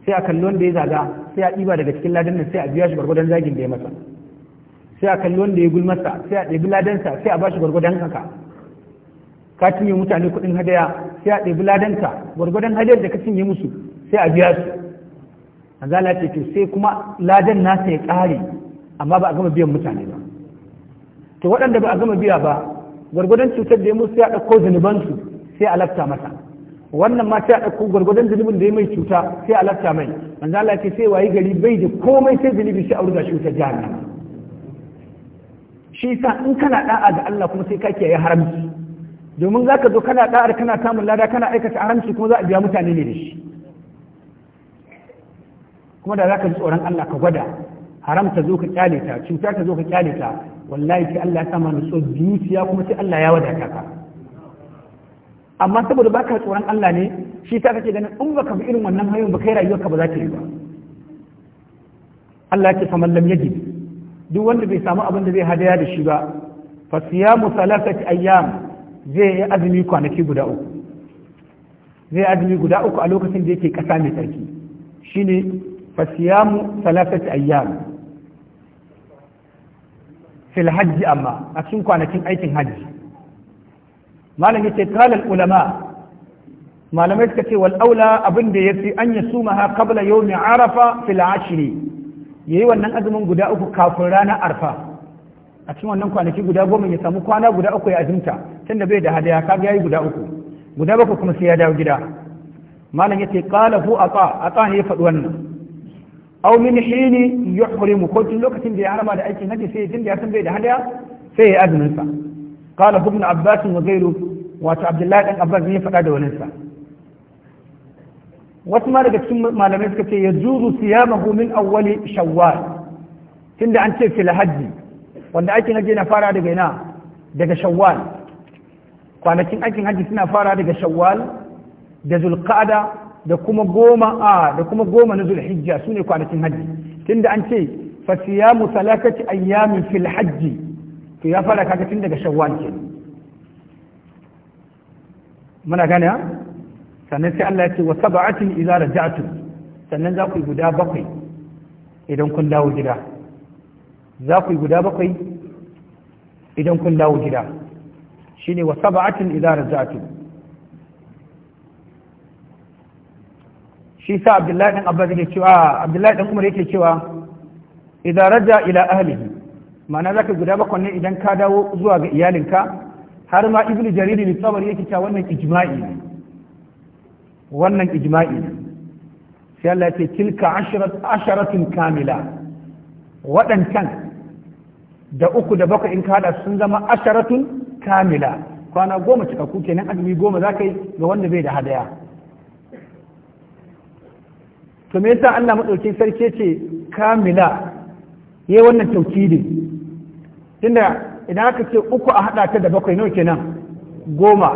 sai a kalli wanda ya zaga sai a ɗiba daga cikin ladan nan sai a biya shi gwargwadon zagin da ya masa sai a kalli wanda ya gulmasa sai a ɗebi ladansa sai a ba shi gwargwadon haka ka cinye mutane kuɗin hadaya sai a ɗebi ladansa gwargwadon hadayar da ka cinye musu sai a biya su manzala ce to sai kuma ladan nasa ya ƙare amma ba a gama biyan mutane ba to waɗanda ba a gama biya ba gwargwadon cutar da ya musu ya ɗauko zunubansu sai a lafta masa wannan ma sai a ɗauko gwargwadon zunubin da ya mai cuta sai a lafta mai manzo Allah ce sai wayi gari bai da komai sai zunubi shi a wurga shi jihar nan shi sa in kana da'a ga Allah kuma sai ka kiyaye haramci domin za ka zo kana ɗa'ar kana samun lada kana aikata haramci kuma za a biya mutane ne da shi kuma da zaka ji tsoron Allah ka gwada haram ta zo ka kyale ta cuta ta zo ka kyale ta wallahi sai Allah ya mana so zuciya kuma sai Allah ya wadata ka amma saboda baka tsoron Allah ne shi ta kake ganin in baka bi irin wannan hanyoyin ba kai rayuwarka ba za ta yi ba Allah ya ce faman lam yajid duk wanda bai samu abin da zai hadaya da shi ba fa siyamu salasati ayyam zai yi azumi kwanaki guda uku zai azumi guda uku a lokacin da yake kasa mai tsarki shine fasiyamu salasati ayyam في hajji amma a cikin kwanakin aikin hajji malam yace kalal ulama malamai suka ce wal aula abin da yafi an yasumaha qabla yawmi arafa fil ashri yayi wannan azumin guda uku kafin rana arfa a cikin wannan kwanaki guda goma ya samu kwana guda uku ya azumta tunda bai da hadaya kaga yayi guda uku guda bakwai kuma sai ya dawo gida malam yace qala aqa aqa ne ya faɗi wannan Au min hini yuhrimu ko tun lokacin da ya harama da aikin haji sai tun da ya da hadaya sai ya azumin sa qala ibn abbas wa ghayru wato abdullahi dan abbas ne faɗa da wani sa wasu ma daga cikin malamai suka ce ya yajuzu siyamahu min awwali shawwal tunda an ce fil hajji wanda aikin haji na fara daga ina shawwal kwanakin aikin haji suna fara daga shawwal da zulqa'da da kuma goma a da kuma goma na zulhijja ne kwanakin hajji tunda an ce fa siyamu salakati ayyamin fil hajji to ya fara kaga tun daga shawwal ke muna gane sannan sai Allah ya ce wa sab'atin idza raja'tum sannan za ku guda bakwai idan kun dawo gida za ku guda bakwai idan kun dawo gida shine wa sab'atin idza raja'tum shi sa abdullahi dan abbas yake cewa abdullahi ɗan umar yake cewa idan raja ila ahlihi ma'ana zaka guda bakon ne idan ka dawo zuwa ga iyalinka har ma ibnu jarir ne tsabari yake cewa wannan ijma'i ne wannan ijma'i ne sai Allah ya ce tilka asharatun kamila waɗancan da uku da bakwai in ka hada sun zama asharatun kamila kwana goma cikakku kenan azumi goma za ka yi ga wanda bai da hadaya to me yasa Allah madaukin sarki ce kamila yi wannan taukidi tunda idan aka ce uku a hada ta da bakwai nawa kenan goma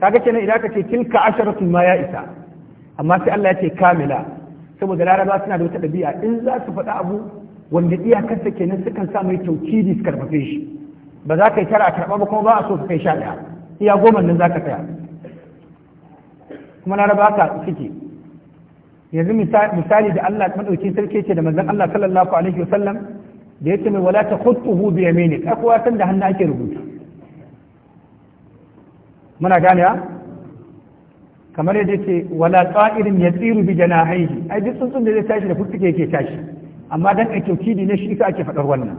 kaga kenan idan aka ce tilka asharatu ma ya isa amma sai Allah ya ce kamila saboda laraba suna da wata dabi'a in za su faɗa abu wanda iyakarsa kenan sukan sa mai taukidi su karfafe shi ba za ka yi tara a karɓa ba kuma ba a so ka kai sha ɗaya iya goma nan za ka tsaya kuma laraba ka suke yanzu misali da Allah madauki sarki ce da manzon Allah sallallahu alaihi wa sallam da yace mai wala ta khutuhu bi kai akwai san da hannu ake rubuta muna gane kamar yadda yake wala tsa'irin ya tsiru bi janahihi ai duk tsuntsun da zai tashi da fuska yake tashi amma dan a kyaukidi ne shi ka ake faɗar wannan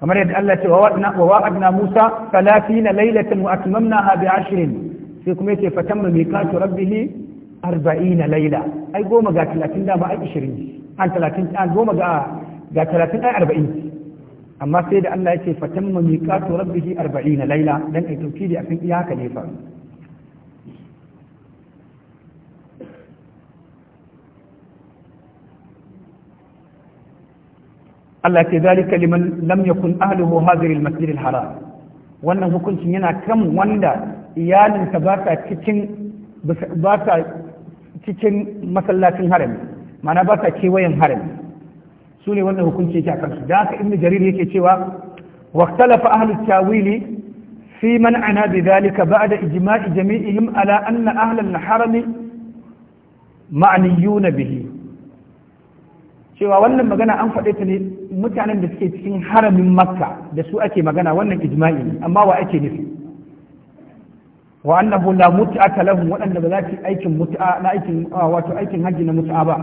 kamar yadda Allah ce wa wa'adna Musa 30 laylatan wa atmamnaha bi 20 sai kuma yake fatamma miqatu rabbihi أربعين ليلة أي قوم قا ثلاثين دام أي عشرين عن آه، ثلاثين أي آه، قوم قا قا ثلاثين أي آه، أربعين أما سيد الله يتي فتم ميقات ربه أربعين ليلة لن أي توكيدي أفن إياه كليفة الله ذلك لمن لم يكن أهله هذه المسجد الحرام وأنه كنت ينا كم وندا إيان تباكا كتن بس باكا cikin masallacin harami mana ba sa kewayen harami su ne wannan hukunci yake a kansu da haka ibnu jarir yake cewa واختلف tawili fi man ana bi بذلك ba'da ijma'i jami'ihim ala anna أهل harami na bihi. cewa wannan magana an faɗe ta ne mutanen da suke cikin haramin makka da su ake magana wannan ijma'i amma wa ake nufi wa annahu la mut'ata lahum waɗanda ba za su aikin mut'a na aikin wato aikin hajji na mut'a ba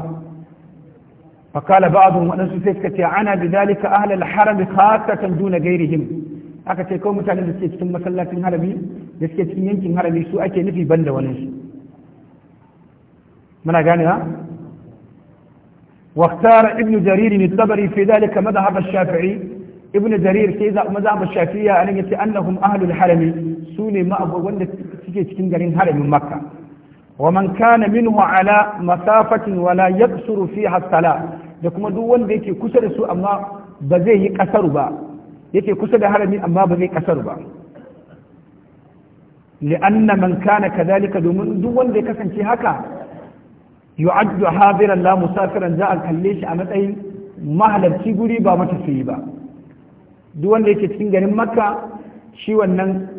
fa kala ba'dhum waɗansu sai suka ce ana bidhalika ahli al-haram khassatan duna ghairihim aka ce kawai mutanen da suke cikin masallacin harami da suke cikin yankin harami su ake nufi banda wani su muna gane ha واختار ابن جرير الطبري في ذلك مذهب الشافعي ابن جرير في مذهب الشافعية أن أنهم أهل الحرم سوني ما أبو suke cikin garin haramin makka wa man kana minhu ala masafatin wala yaqsuru fiha sala da kuma duk wanda yake kusa da su amma ba zai yi kasaru ba yake kusa da harami amma ba zai kasaru ba li'anna man kana kadhalika domin duk wanda ya kasance haka yu'addu hadiran la musafiran za a kalle shi a matsayin mahalarci guri ba matafiyi ba duk wanda yake cikin garin makka shi wannan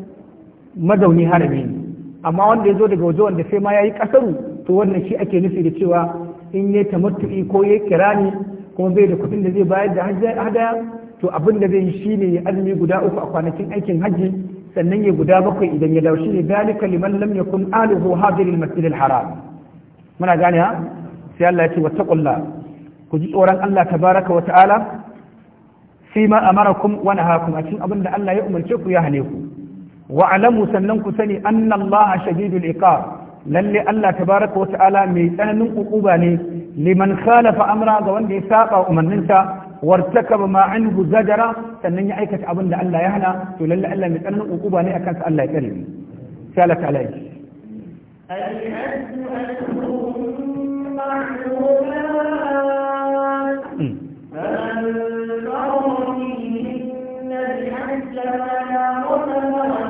mazauni harami ne amma wanda ya zo daga waje wanda sai ma ya yi kasaru to wannan shi ake nufi da cewa in ya tamattu'i ko ya kirani kuma bai da kuɗin da zai bayar da hadaya to abin da zai yi shine ya azumi guda uku a kwanakin aikin hajji sannan ya guda bakwai idan ya dawo shine dalika kaliman lam yakun aluhu hadirin masjidil haram muna gane ha sai Allah ya ce wattaqullah ku ji tsoron Allah tabaraka wa ta'ala fi ma amarakum wa nahakum a cikin abin da Allah ya umarce ku ya hane ku wa alamu sannan ku sani anna allaha shadidul iqab lalle allah tabaraka wa ta'ala mai tsananin ukuba ne liman khalafa amra ga wanda ya saba umarninsa wartakaba ma anhu zajara sannan ya aikata abin da Allah ya hana to lalle Allah mai tsananin ukuba ne akan sa Allah ya kare sai Allah ta'ala yi فمن ضر منهن بأن لا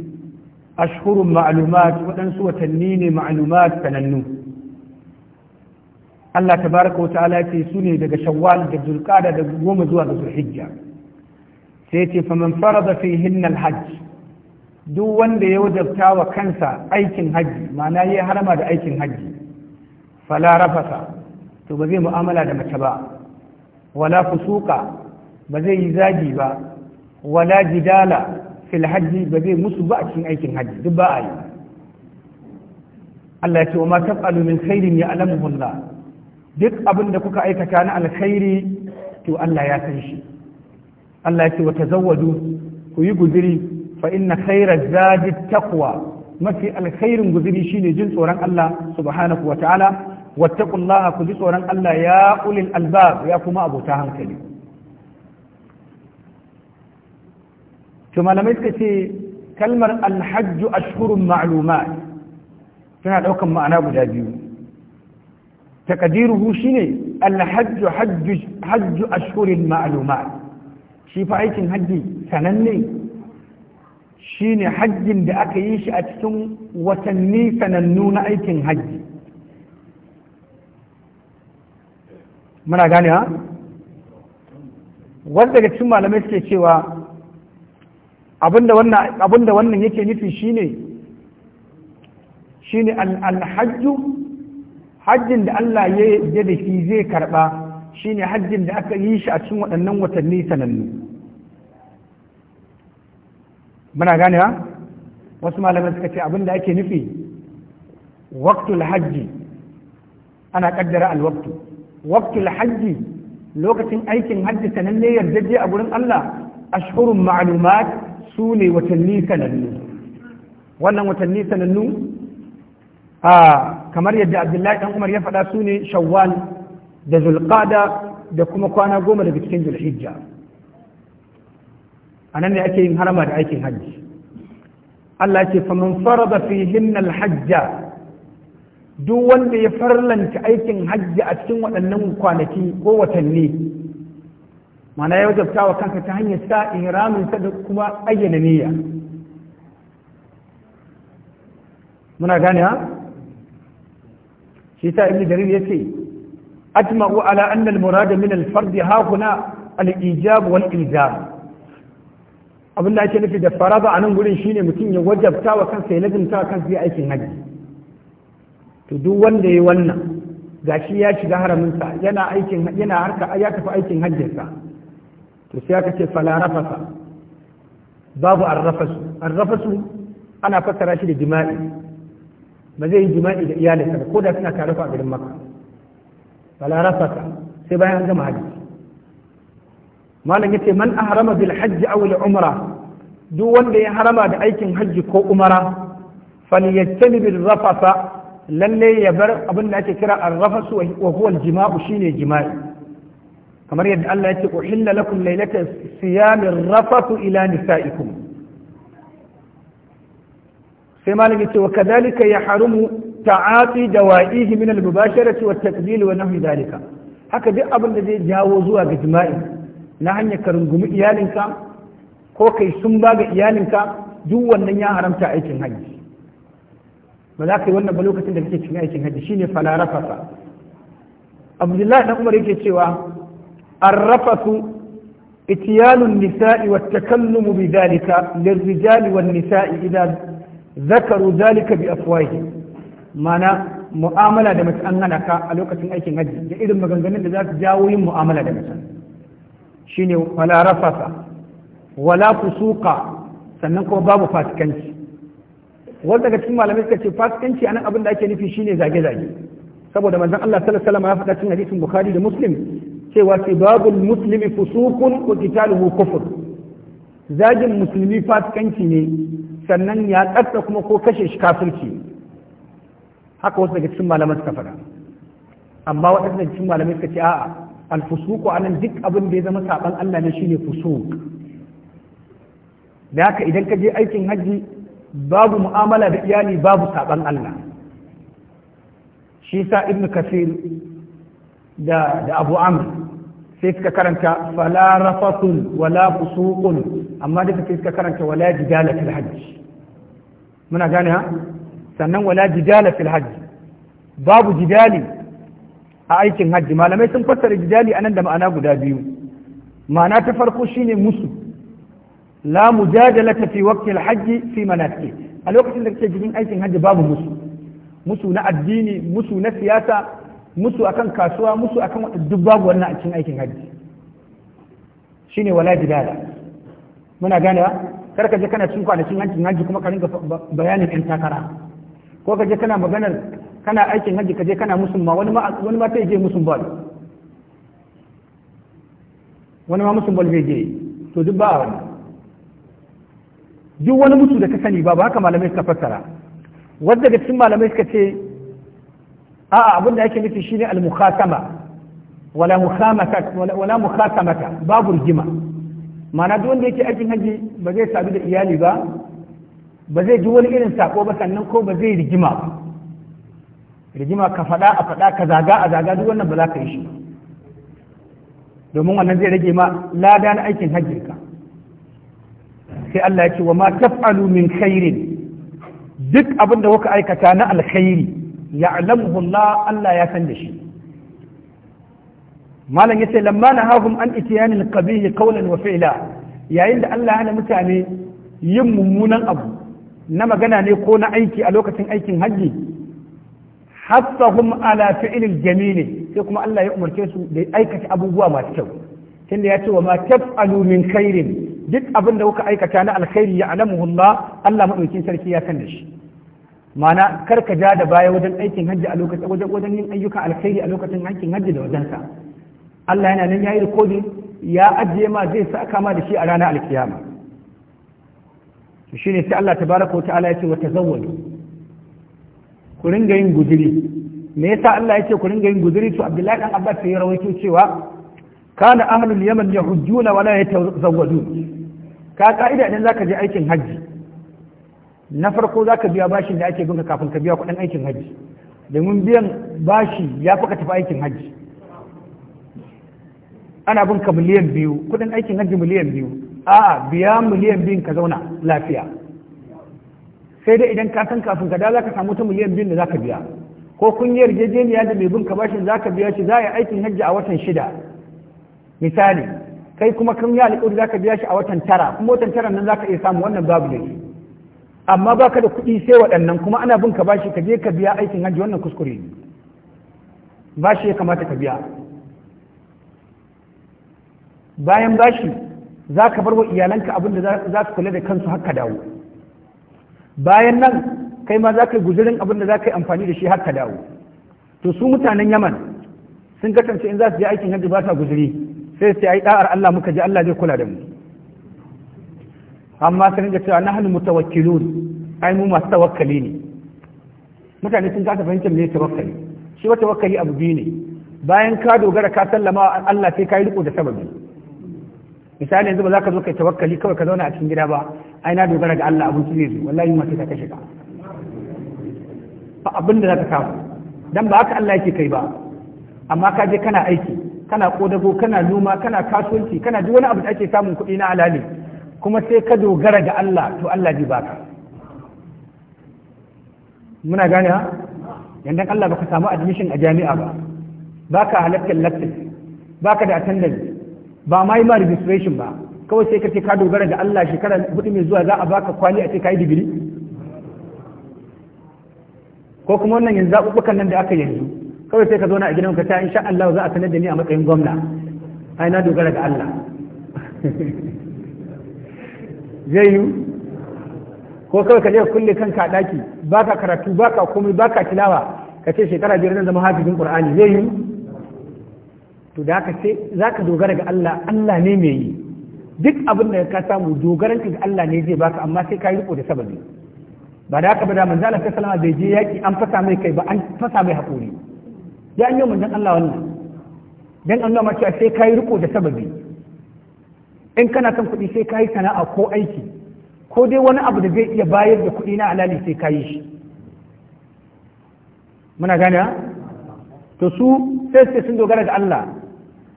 ashhurun ma'lumat waɗansu watanni ne ma'lumat sanannu Allah tabaraka wa ta'ala ce su ne daga shawwal da zulkada da goma zuwa ga zulhijja sai ce faman farada fihinna alhajj duk wanda ya wajabta wa kansa aikin hajji ma'ana ya harama da aikin hajji fala rafasa to ba zai mu'amala da mace ba wala kusuka. ba zai yi zagi ba wala jidala fil hajji ba zai musu ba a cikin aikin hajji duk ba a yi Allah ya ce wa ma taf'alu min khairin ya alamu duk abin da kuka aikata na alkhairi to Allah ya san shi Allah ya ce wa tazawwadu ku yi guziri fa inna khaira zadi taqwa mafi alkhairin guziri shine jin tsoron Allah subhanahu wa ta'ala wattaqullaha ku ji tsoron Allah ya ulil albab ya kuma abota hankali to malamai suka ce kalmar alhajju ashhurun ma'aluma tana ɗaukan ma'ana guda biyu takadiruhu shine alhajju hajju a ashhurin ma'aluma shi fa aikin hajji sananne shine hajjin da aka yi shi a cikin watanni sanannu na aikin hajji muna gane ha wanda daga cikin malamai suke cewa abinda wannan yake nufi shine shine ne hajju hajjin da Allah ya yi da shi zai karba shine hajjin da aka yi shi a cikin waɗannan watanni sanannu muna gane ha wasu malamai suka ce abinda da ake nufi waktul hajji ana kaddara alwaktu waktul hajji lokacin aikin hajji sananne yardaje a gurin Allah ashhurun ma'lumat su ne watanni sanannu wannan watanni sanannu a kamar yadda abdullahi dan umar ya faɗa su ne shawwal da zulqada da kuma kwana goma daga cikin zulhijja a nan ne ake yin harama da aikin hajji Allah ce faman farada fihinna hajja duk wanda ya farlanta aikin hajji a cikin waɗannan kwanaki ko watanni mana ya wajabta wa kanka ta hanyar sa ihramin ta da kuma ayyana niyya muna gane ha shi ta ibn jarir yace ajma'u ala anna al-murad min al-fard ha kuna al-ijab wal ilzam abin da ake nufi da faraba a nan gurin shine mutum ya wajabta wa kansa ya lazimta wa kansa ya aikin hajji. to duk wanda ya wannan gashi ya shiga haraminsa yana aikin yana harka ya tafi aikin hajjinsa to sai aka ce fala rafasa babu arrafasu arrafasu ana fassara shi da jima'i ba zai yi jima'i da iyalinsa ba ko da suna tare a garin maka fala rafasa sai bayan an gama haji malam yace man ahrama bil hajji aw al umra duk wanda ya harama da aikin hajji ko umara falyattani bil rafasa lalle ya bar abin da ake kira arrafasu wa huwa al jima'u shine jima'i kamar yadda Allah ya ce uhilla lakum lailata siyamin rafatu ila nisa'ikum sai malami ce wa kadhalika yahrumu ta'ati dawa'ihi min al-mubasharati wa taqbil wa nahwi dhalika haka duk abin da zai jawo zuwa ga jima'i na hanyar ka rungumi iyalinka ko kai sun ba ga iyalinka duk wannan ya haramta aikin hajji ba za ka yi wannan ba lokacin da kake cikin aikin hajji shine fala rafasa abdullahi na umar yake cewa الرفث اتيال النساء والتكلم بذلك للرجال والنساء إذا ذكروا ذلك بأفواههم معنى مؤاملة دمت أنك ألوكة أيك نجي إذا ما قلنا لذلك جاوي مؤاملة دمت شنو ولا رفث ولا فسوق سننقو باب فاتكنش wanda ga cikin malamai suka ce fasikanci anan abin da ake nufi shine zage-zage saboda manzon Allah sallallahu alaihi wasallam ya faɗa cikin hadisin Bukhari da Muslim cewa sibabul muslimi fusukun wa qitaluhu kufur zagin musulmi fasikanci ne sannan ya ƙasa kuma ko kashe shi kafirci haka wasu daga cikin malamai suka faɗa amma waɗansu daga cikin malamai suka ce a'a alfusuku anan duk abin da ya zama saɓan Allah ne shine fusuk da haka idan ka je aikin hajji babu mu'amala da iyali babu saban Allah shi sa ibnu kasir da da Abu Amr sai suka karanta fala rafathun wala fusuqun amma duka sai suka karanta wala jidala fil hajj muna gane ha sannan wala jidala fil hajj babu jidali a aikin hajji malamai sun fassara jidali anan da ma'ana guda biyu ma'ana ta farko shine musu la mujadala fi waqti al-hajj fi manasik a lokacin da kake cikin aikin hajji babu musu musu na addini musu na siyasa musu akan kasuwa musu akan duk babu wannan a cikin aikin hajji shine wala jidala muna gane kar ka je kana cin kwanakin aikin hajji kuma ka ringa bayanin ɗan takara ko ka je kana maganar kana aikin hajji ka je kana musulma wani ma wani ma sai je musulbal wani ma musulbal zai je to duk ba a wani duk wani musu da ka sani ba ba haka malamai suka fassara wadda daga cikin malamai suka ce a'a abin da yake nufi shine al-mukhatama wala mukhamaka wala mukhatamaka babu rigima ma'ana duk wanda yake aikin haji ba zai sabu da iyali ba ba zai ji wani irin sako ba sannan ko ba zai rigima rigima ka faɗa a faɗa ka zaga a zaga duk wannan ba za ka yi shi domin wannan zai rage ma lada na aikin ka sai Allah ya ce wa ma taf'alu min khairin duk abin da kuka aikata na alkhairi ya'lamuhu Allah Allah ya san da shi malam yace lamma nahahum an itiyani al-qabih qawlan wa fi'la yayin da Allah ya hana mutane yin mummunan abu na magana ne ko na aiki a lokacin aikin hajji hassahum ala fi'lil jamil sai kuma Allah ya umarce su da aikata abubuwa masu kyau tunda ya ce wa ma taf'alu min khairin duk abin da kuka aikata na alkhairi ya alamuhu Allah Allah madaukin sarki ya san da shi ma'ana kar ka ja da baya wajen aikin hajji a lokacin wajen wajen yin ayyukan alkhairi a lokacin aikin hajji da wajensa Allah yana nan yayi rikodin ya ajiye ma zai saka ma da shi a ranar alkiyama shine sai Allah tabaraka wa ta'ala ya ce wa tazawwadu ku ringa yin guduri me yasa Allah ya ce ku ringa yin guduri to Abdullahi dan Abbas sai ya rawaito cewa kana ahlul yaman yahujjuna wala yatazawwadun ka ka'ida idan zaka je aikin hajji na farko za ka biya bashin da ake binka kafin ka biya kudin aikin hajji domin biyan bashi ya fi ka tafi aikin hajji ana binka miliyan biyu kudin aikin hajji miliyan biyu a'a biya miliyan biyun ka zauna lafiya sai dai idan ka san kafin ka da za ka samu ta miliyan biyun da za ka biya ko kun yi yarjejeniya da mai binka bashin za ka biya shi za a yi aikin hajji a watan shida misali kai kuma kan yi alƙawari za ka biya shi a watan tara kuma watan tara nan za ka iya samu wannan babu da shi amma baka da kuɗi sai waɗannan kuma ana bin ka bashi ka je ka biya aikin hajji wannan kuskure ne bashi ya kamata ka biya bayan bashi za ka bar wa iyalanka abin da za su kula da kansu haka dawo bayan nan kai ma za ka yi guzurin abin da za ka yi amfani da shi haka dawo to su mutanen yaman sun kasance in za su je aikin hajji ba sa guzuri sai su yi da'ar Allah muka ji Allah zai kula da mu amma sai ringa cewa nahnu mutawakkilun ai mu masu tawakkali ne mutane sun kasa fahimtar me tawakkali shi wata tawakkali abu biyu ne bayan ka dogara ka sallama Allah sai ka yi riko da sababi misali yanzu ba za ka zo kai tawakkali kawai ka zauna a cikin gida ba ai na dogara ga Allah abun zai zo wallahi ma sai ka kashe ka ba abin da za ka samu dan ba haka Allah yake kai ba amma ka je kana aiki kana kodago kana noma kana kasuwanci kana duk wani abu da ake samun kuɗi na alali kuma sai ka dogara ga Allah to Allah zai baka muna gane ha yanda Allah baka samu admission a jami'a ba baka halartar lecture baka da attendance ba ma yi ma registration ba kawai sai ka ce ka dogara ga Allah shekara hudu mai zuwa za a baka kwali a ce ka yi digiri ko kuma wannan yanzu zaɓuɓɓukan nan da aka yanzu kawai sai ka zo na a gidan ka ta insha Allah za a sanar da ni a matsayin gwamna ai na dogara ga Allah zai yi ko kawai ka je kulle kanka a ɗaki ba ka karatu ba ka komai ba ka tilawa ka ce shekara biyar na zama hafizin qur'ani zai yi to da haka sai za ka dogara ga Allah Allah ne mai yi duk abin da ka samu dogaran ka ga Allah ne zai baka amma sai ka yi riko da sababi ba da haka ba da manzo Allah sallama bai je yaki an fasa mai kai ba an fasa mai hakuri ya an yi manzon Allah wannan dan Allah ma cewa sai ka yi riko da sababi in kana son kuɗi sai ka yi sana'a ko aiki ko dai wani abu da zai iya bayar da kuɗi na alali sai ka yi shi muna gane to su sai sai sun dogara da Allah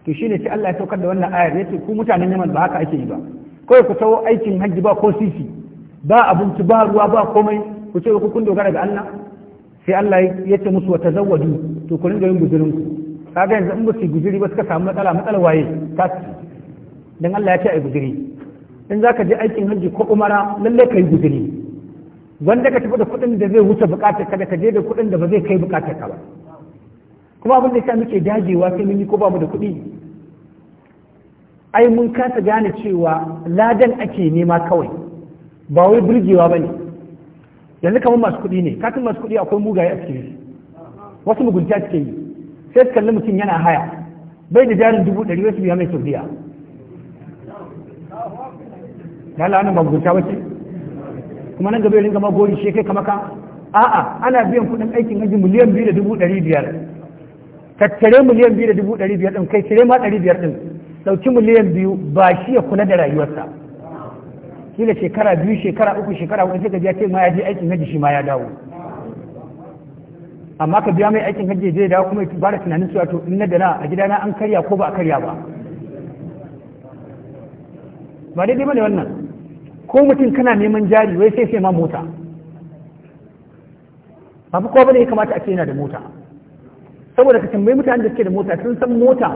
to ne sai Allah ya saukar da wannan ayar yace ku mutanen Yaman ba haka ake yi ba kawai ku tawo aikin hajji ba ko sisi ba abinci ba ruwa ba komai ku ce ku kun dogara da Allah sai Allah ya ce musu wa tazawwadu to ku ringa yin guzurin ku kaga yanzu in ba su guzuri ba suka samu matsala matsala waye ta dan Allah ya ce ai guduri in zaka je aikin hajji ko umara lalle kai guduri wanda ka tafi da kuɗin da zai wuce bukatar ka da ka je da kuɗin da ba zai kai bukatar ka ba kuma abin da ya muke dajewa sai mun yi ko ba da kuɗi ai mun kasa gane cewa ladan ake nema kawai ba wai burgewa ba ne yanzu kamar masu kuɗi ne katin masu kuɗi akwai mugaye a cikin wasu mugunta suke yi sai su kalli mutum yana haya bai da jarin dubu ɗari wasu biya mai sau ta la'anin mabuta wace kuma nan gaba ringa magori shi kai kama ka a'a ana biyan kudin aikin haji miliyan biyu da dubu ɗari biyar tattare miliyan biyu da dubu ɗari biyar ɗin kai tare ma ɗari biyar ɗin ɗauki miliyan biyu ba shi ya kula da rayuwarsa kila shekara biyu shekara uku shekara hudu sai ka ce ma ya je aikin haji shi ma ya dawo amma ka biya mai aikin hajji zai dawo kuma ba da tunanin cewa to in na da na a gidana an karya ko ba a karya ba ba daidai bane wannan ko mutum kana neman jari wai sai sai ma mota ba fi kowa bane ya kamata a ce yana da mota saboda ka tambayi mutane da suke da mota sun san mota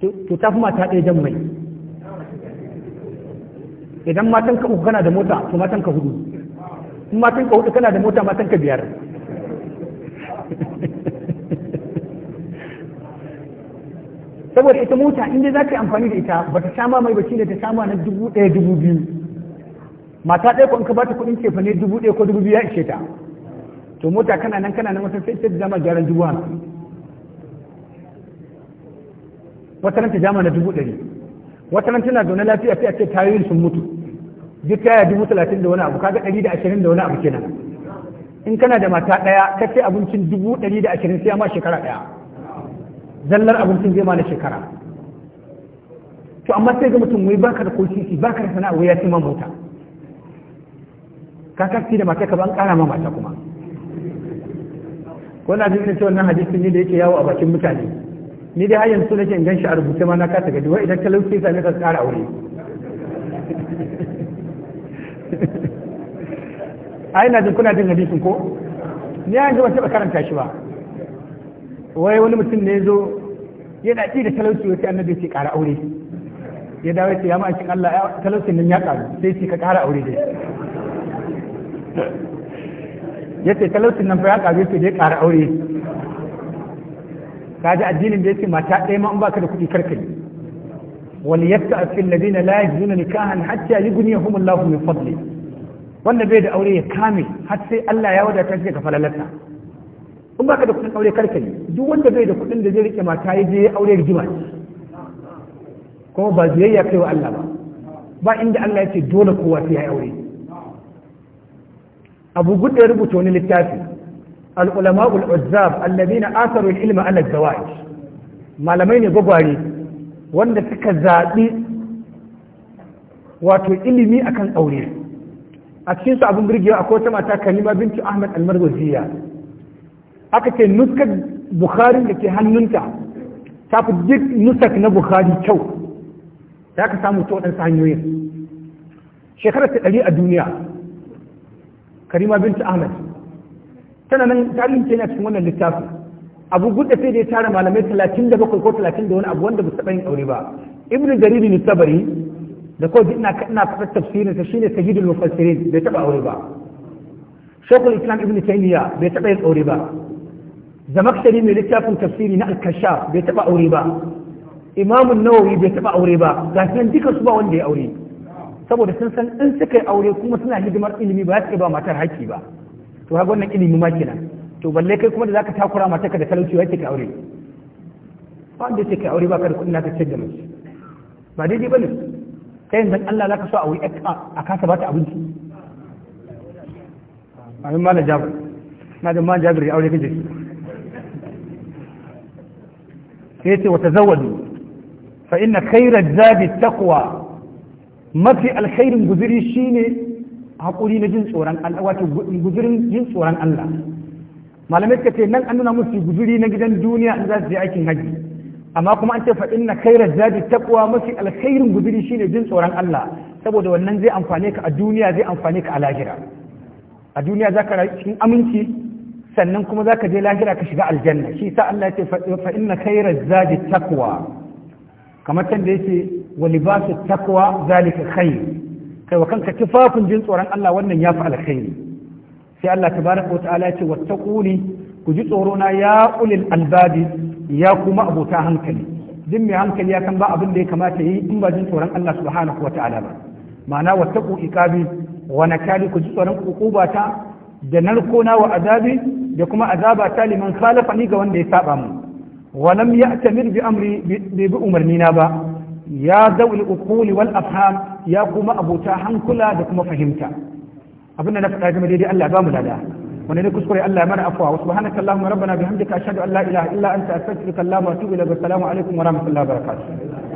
to ta fi mata ɗaya jan mai idan matan ka uku kana da mota to matan ka hudu in matan ka hudu kana da mota matan ka biyar saboda ita mota inda za ka yi amfani da ita ba ta sama mai ba da ta sha na dubu ɗaya dubu biyu mata ɗaya ko in ka bata kuɗin cefa ne dubu ɗaya ko dubu biyu ya ishe ta to mota kana nan kana nan wata sai ta zama gyaran dubu hamsin wata nan ta jama na dubu ɗari wata nan tana zaune lafiya sai a ce tayoyin sun mutu duk yaya dubu talatin da wani abu kaga ɗari da ashirin da wani abu kenan in kana da mata ɗaya ka ce abincin dubu ɗari da ashirin sai ma shekara ɗaya zallar abincin zai ma na shekara to amma sai ga mutum wai baka da ko baka da sana'a wai ya ci ma mota ka da mata ka kara ma mata kuma ko na da cewa nan hadisin ne da yake yawo a bakin mutane ni dai har yanzu nake in ganshi a rubuce ma na ta gadi wai idan talauci sai ne ka kara aure ai na jin kuna jin hadisin ko ni an ji wata karanta shi ba wai wani mutum ne zo yana ci da talauci wata annabi ce kara aure ya dawo ya ce ya ma'aikin Allah talaucin nan ya karu sai ce ka kara aure dai ya ce talaucin nan fa ya ƙaru da dai ƙara aure ka ji addinin da ya ce mata ɗaya ma in baka da kuɗi karkari wal yatta afil ladina la yajiduna nikahan hatta yughniyahum Allahu min fadli wanda bai da aure ya kame har sai Allah ya wadata shi ga falalarsa in baka da kuɗin aure karkari duk wanda bai da kuɗin da zai rike mata ya je aure rigima kuma ba ziyayya kai wa Allah ba ba inda Allah ya ce dole kowa sai ya aure abu gudda ya rubuta wani littafi al-ulama'ul uzzab allazina na al-ilma ala zawai malamai ne gwagware wanda suka zaɓi wato ilimi akan aure a cikin su abin birgewa akwai wata mata Karima bintu Ahmad al aka ce nuskar Bukhari da ke hannunta ta fi duk nusak na Bukhari kyau da aka samu ta waɗansu hanyoyin shekarar ta ɗari a duniya karima binta ahmad tana nan ta alimce ne a cikin wannan littafin abu gudda sai da ya tara malamai talatin da bakwai ko talatin da wani abu wanda ba taɓa yin aure ba ibnu jariri ne tabari da kawai ina ina faɗa tafsirin sa shine sayyidul mufassirin bai taɓa aure ba shaykhul islam ibnu taymiya bai taɓa yin aure ba zamakshari mai littafin tafsiri na al-kashaf bai taɓa aure ba imamun nawawi bai taɓa aure ba ga nan duka su ba wanda ya aure saboda sun san in suka yi aure kuma suna hidimar ilimi ba su ba matar haƙƙi ba to haka wannan ilimi ma kenan to balle kai kuma da zaka takura matarka da talauci wai ka aure ba da take kai aure ba ka da kuɗin naka ce da mace ba daidai bane kai dan Allah zaka so a wuri a kasa ba ta abinci amin malam jabir na da malam jabir ya aure kaje sai ce wata zawadu fa inna khayra zadi taqwa mafi alkhairin guziri shine hakuri na jin tsoron Allah wato guzirin jin tsoron Allah malamai suka ce nan an nuna musu guziri na gidan duniya in za su je aikin haji amma kuma an ce fa inna khairaz zadi taqwa mafi alkhairin guziri shine jin tsoron Allah saboda wannan zai amfane ka a duniya zai amfane ka a lahira a duniya zaka rayu cikin aminci sannan kuma zaka je lahira ka shiga aljanna shi sa Allah ya ce fa inna khairaz zadi taqwa kamar can da yake wa libasu taqwa zalika khair kai wa kanka tufafin jin tsoron Allah wannan yafi alkhairi sai Allah tabaraka wa ta'ala ya ce wattaquni ku ji tsoro na ya ulil albabi ya kuma abota hankali jin mai hankali ya kan ba abin da ya kamata yi in ba jin tsoron Allah subhanahu wa ta'ala ba ma'ana wattaqu iqabi wa nakali ku ji tsoron ukubata da narkona wa azabi da kuma azaba ta liman kalafa ni ga wanda ya saba mu wa lam ya'tamir bi amri bi umarnina ba ya zaul uquli wal afham ya kuma abota hankula da kuma fahimta abin da na faɗa game daidai Allah ba mu lada wani ne kuskure Allah mana afwa wa subhanaka allahumma rabbana bihamdika ashhadu an la ilaha illa anta astaghfiruka wa atubu ilaik assalamu alaikum wa rahmatullahi wa barakatuh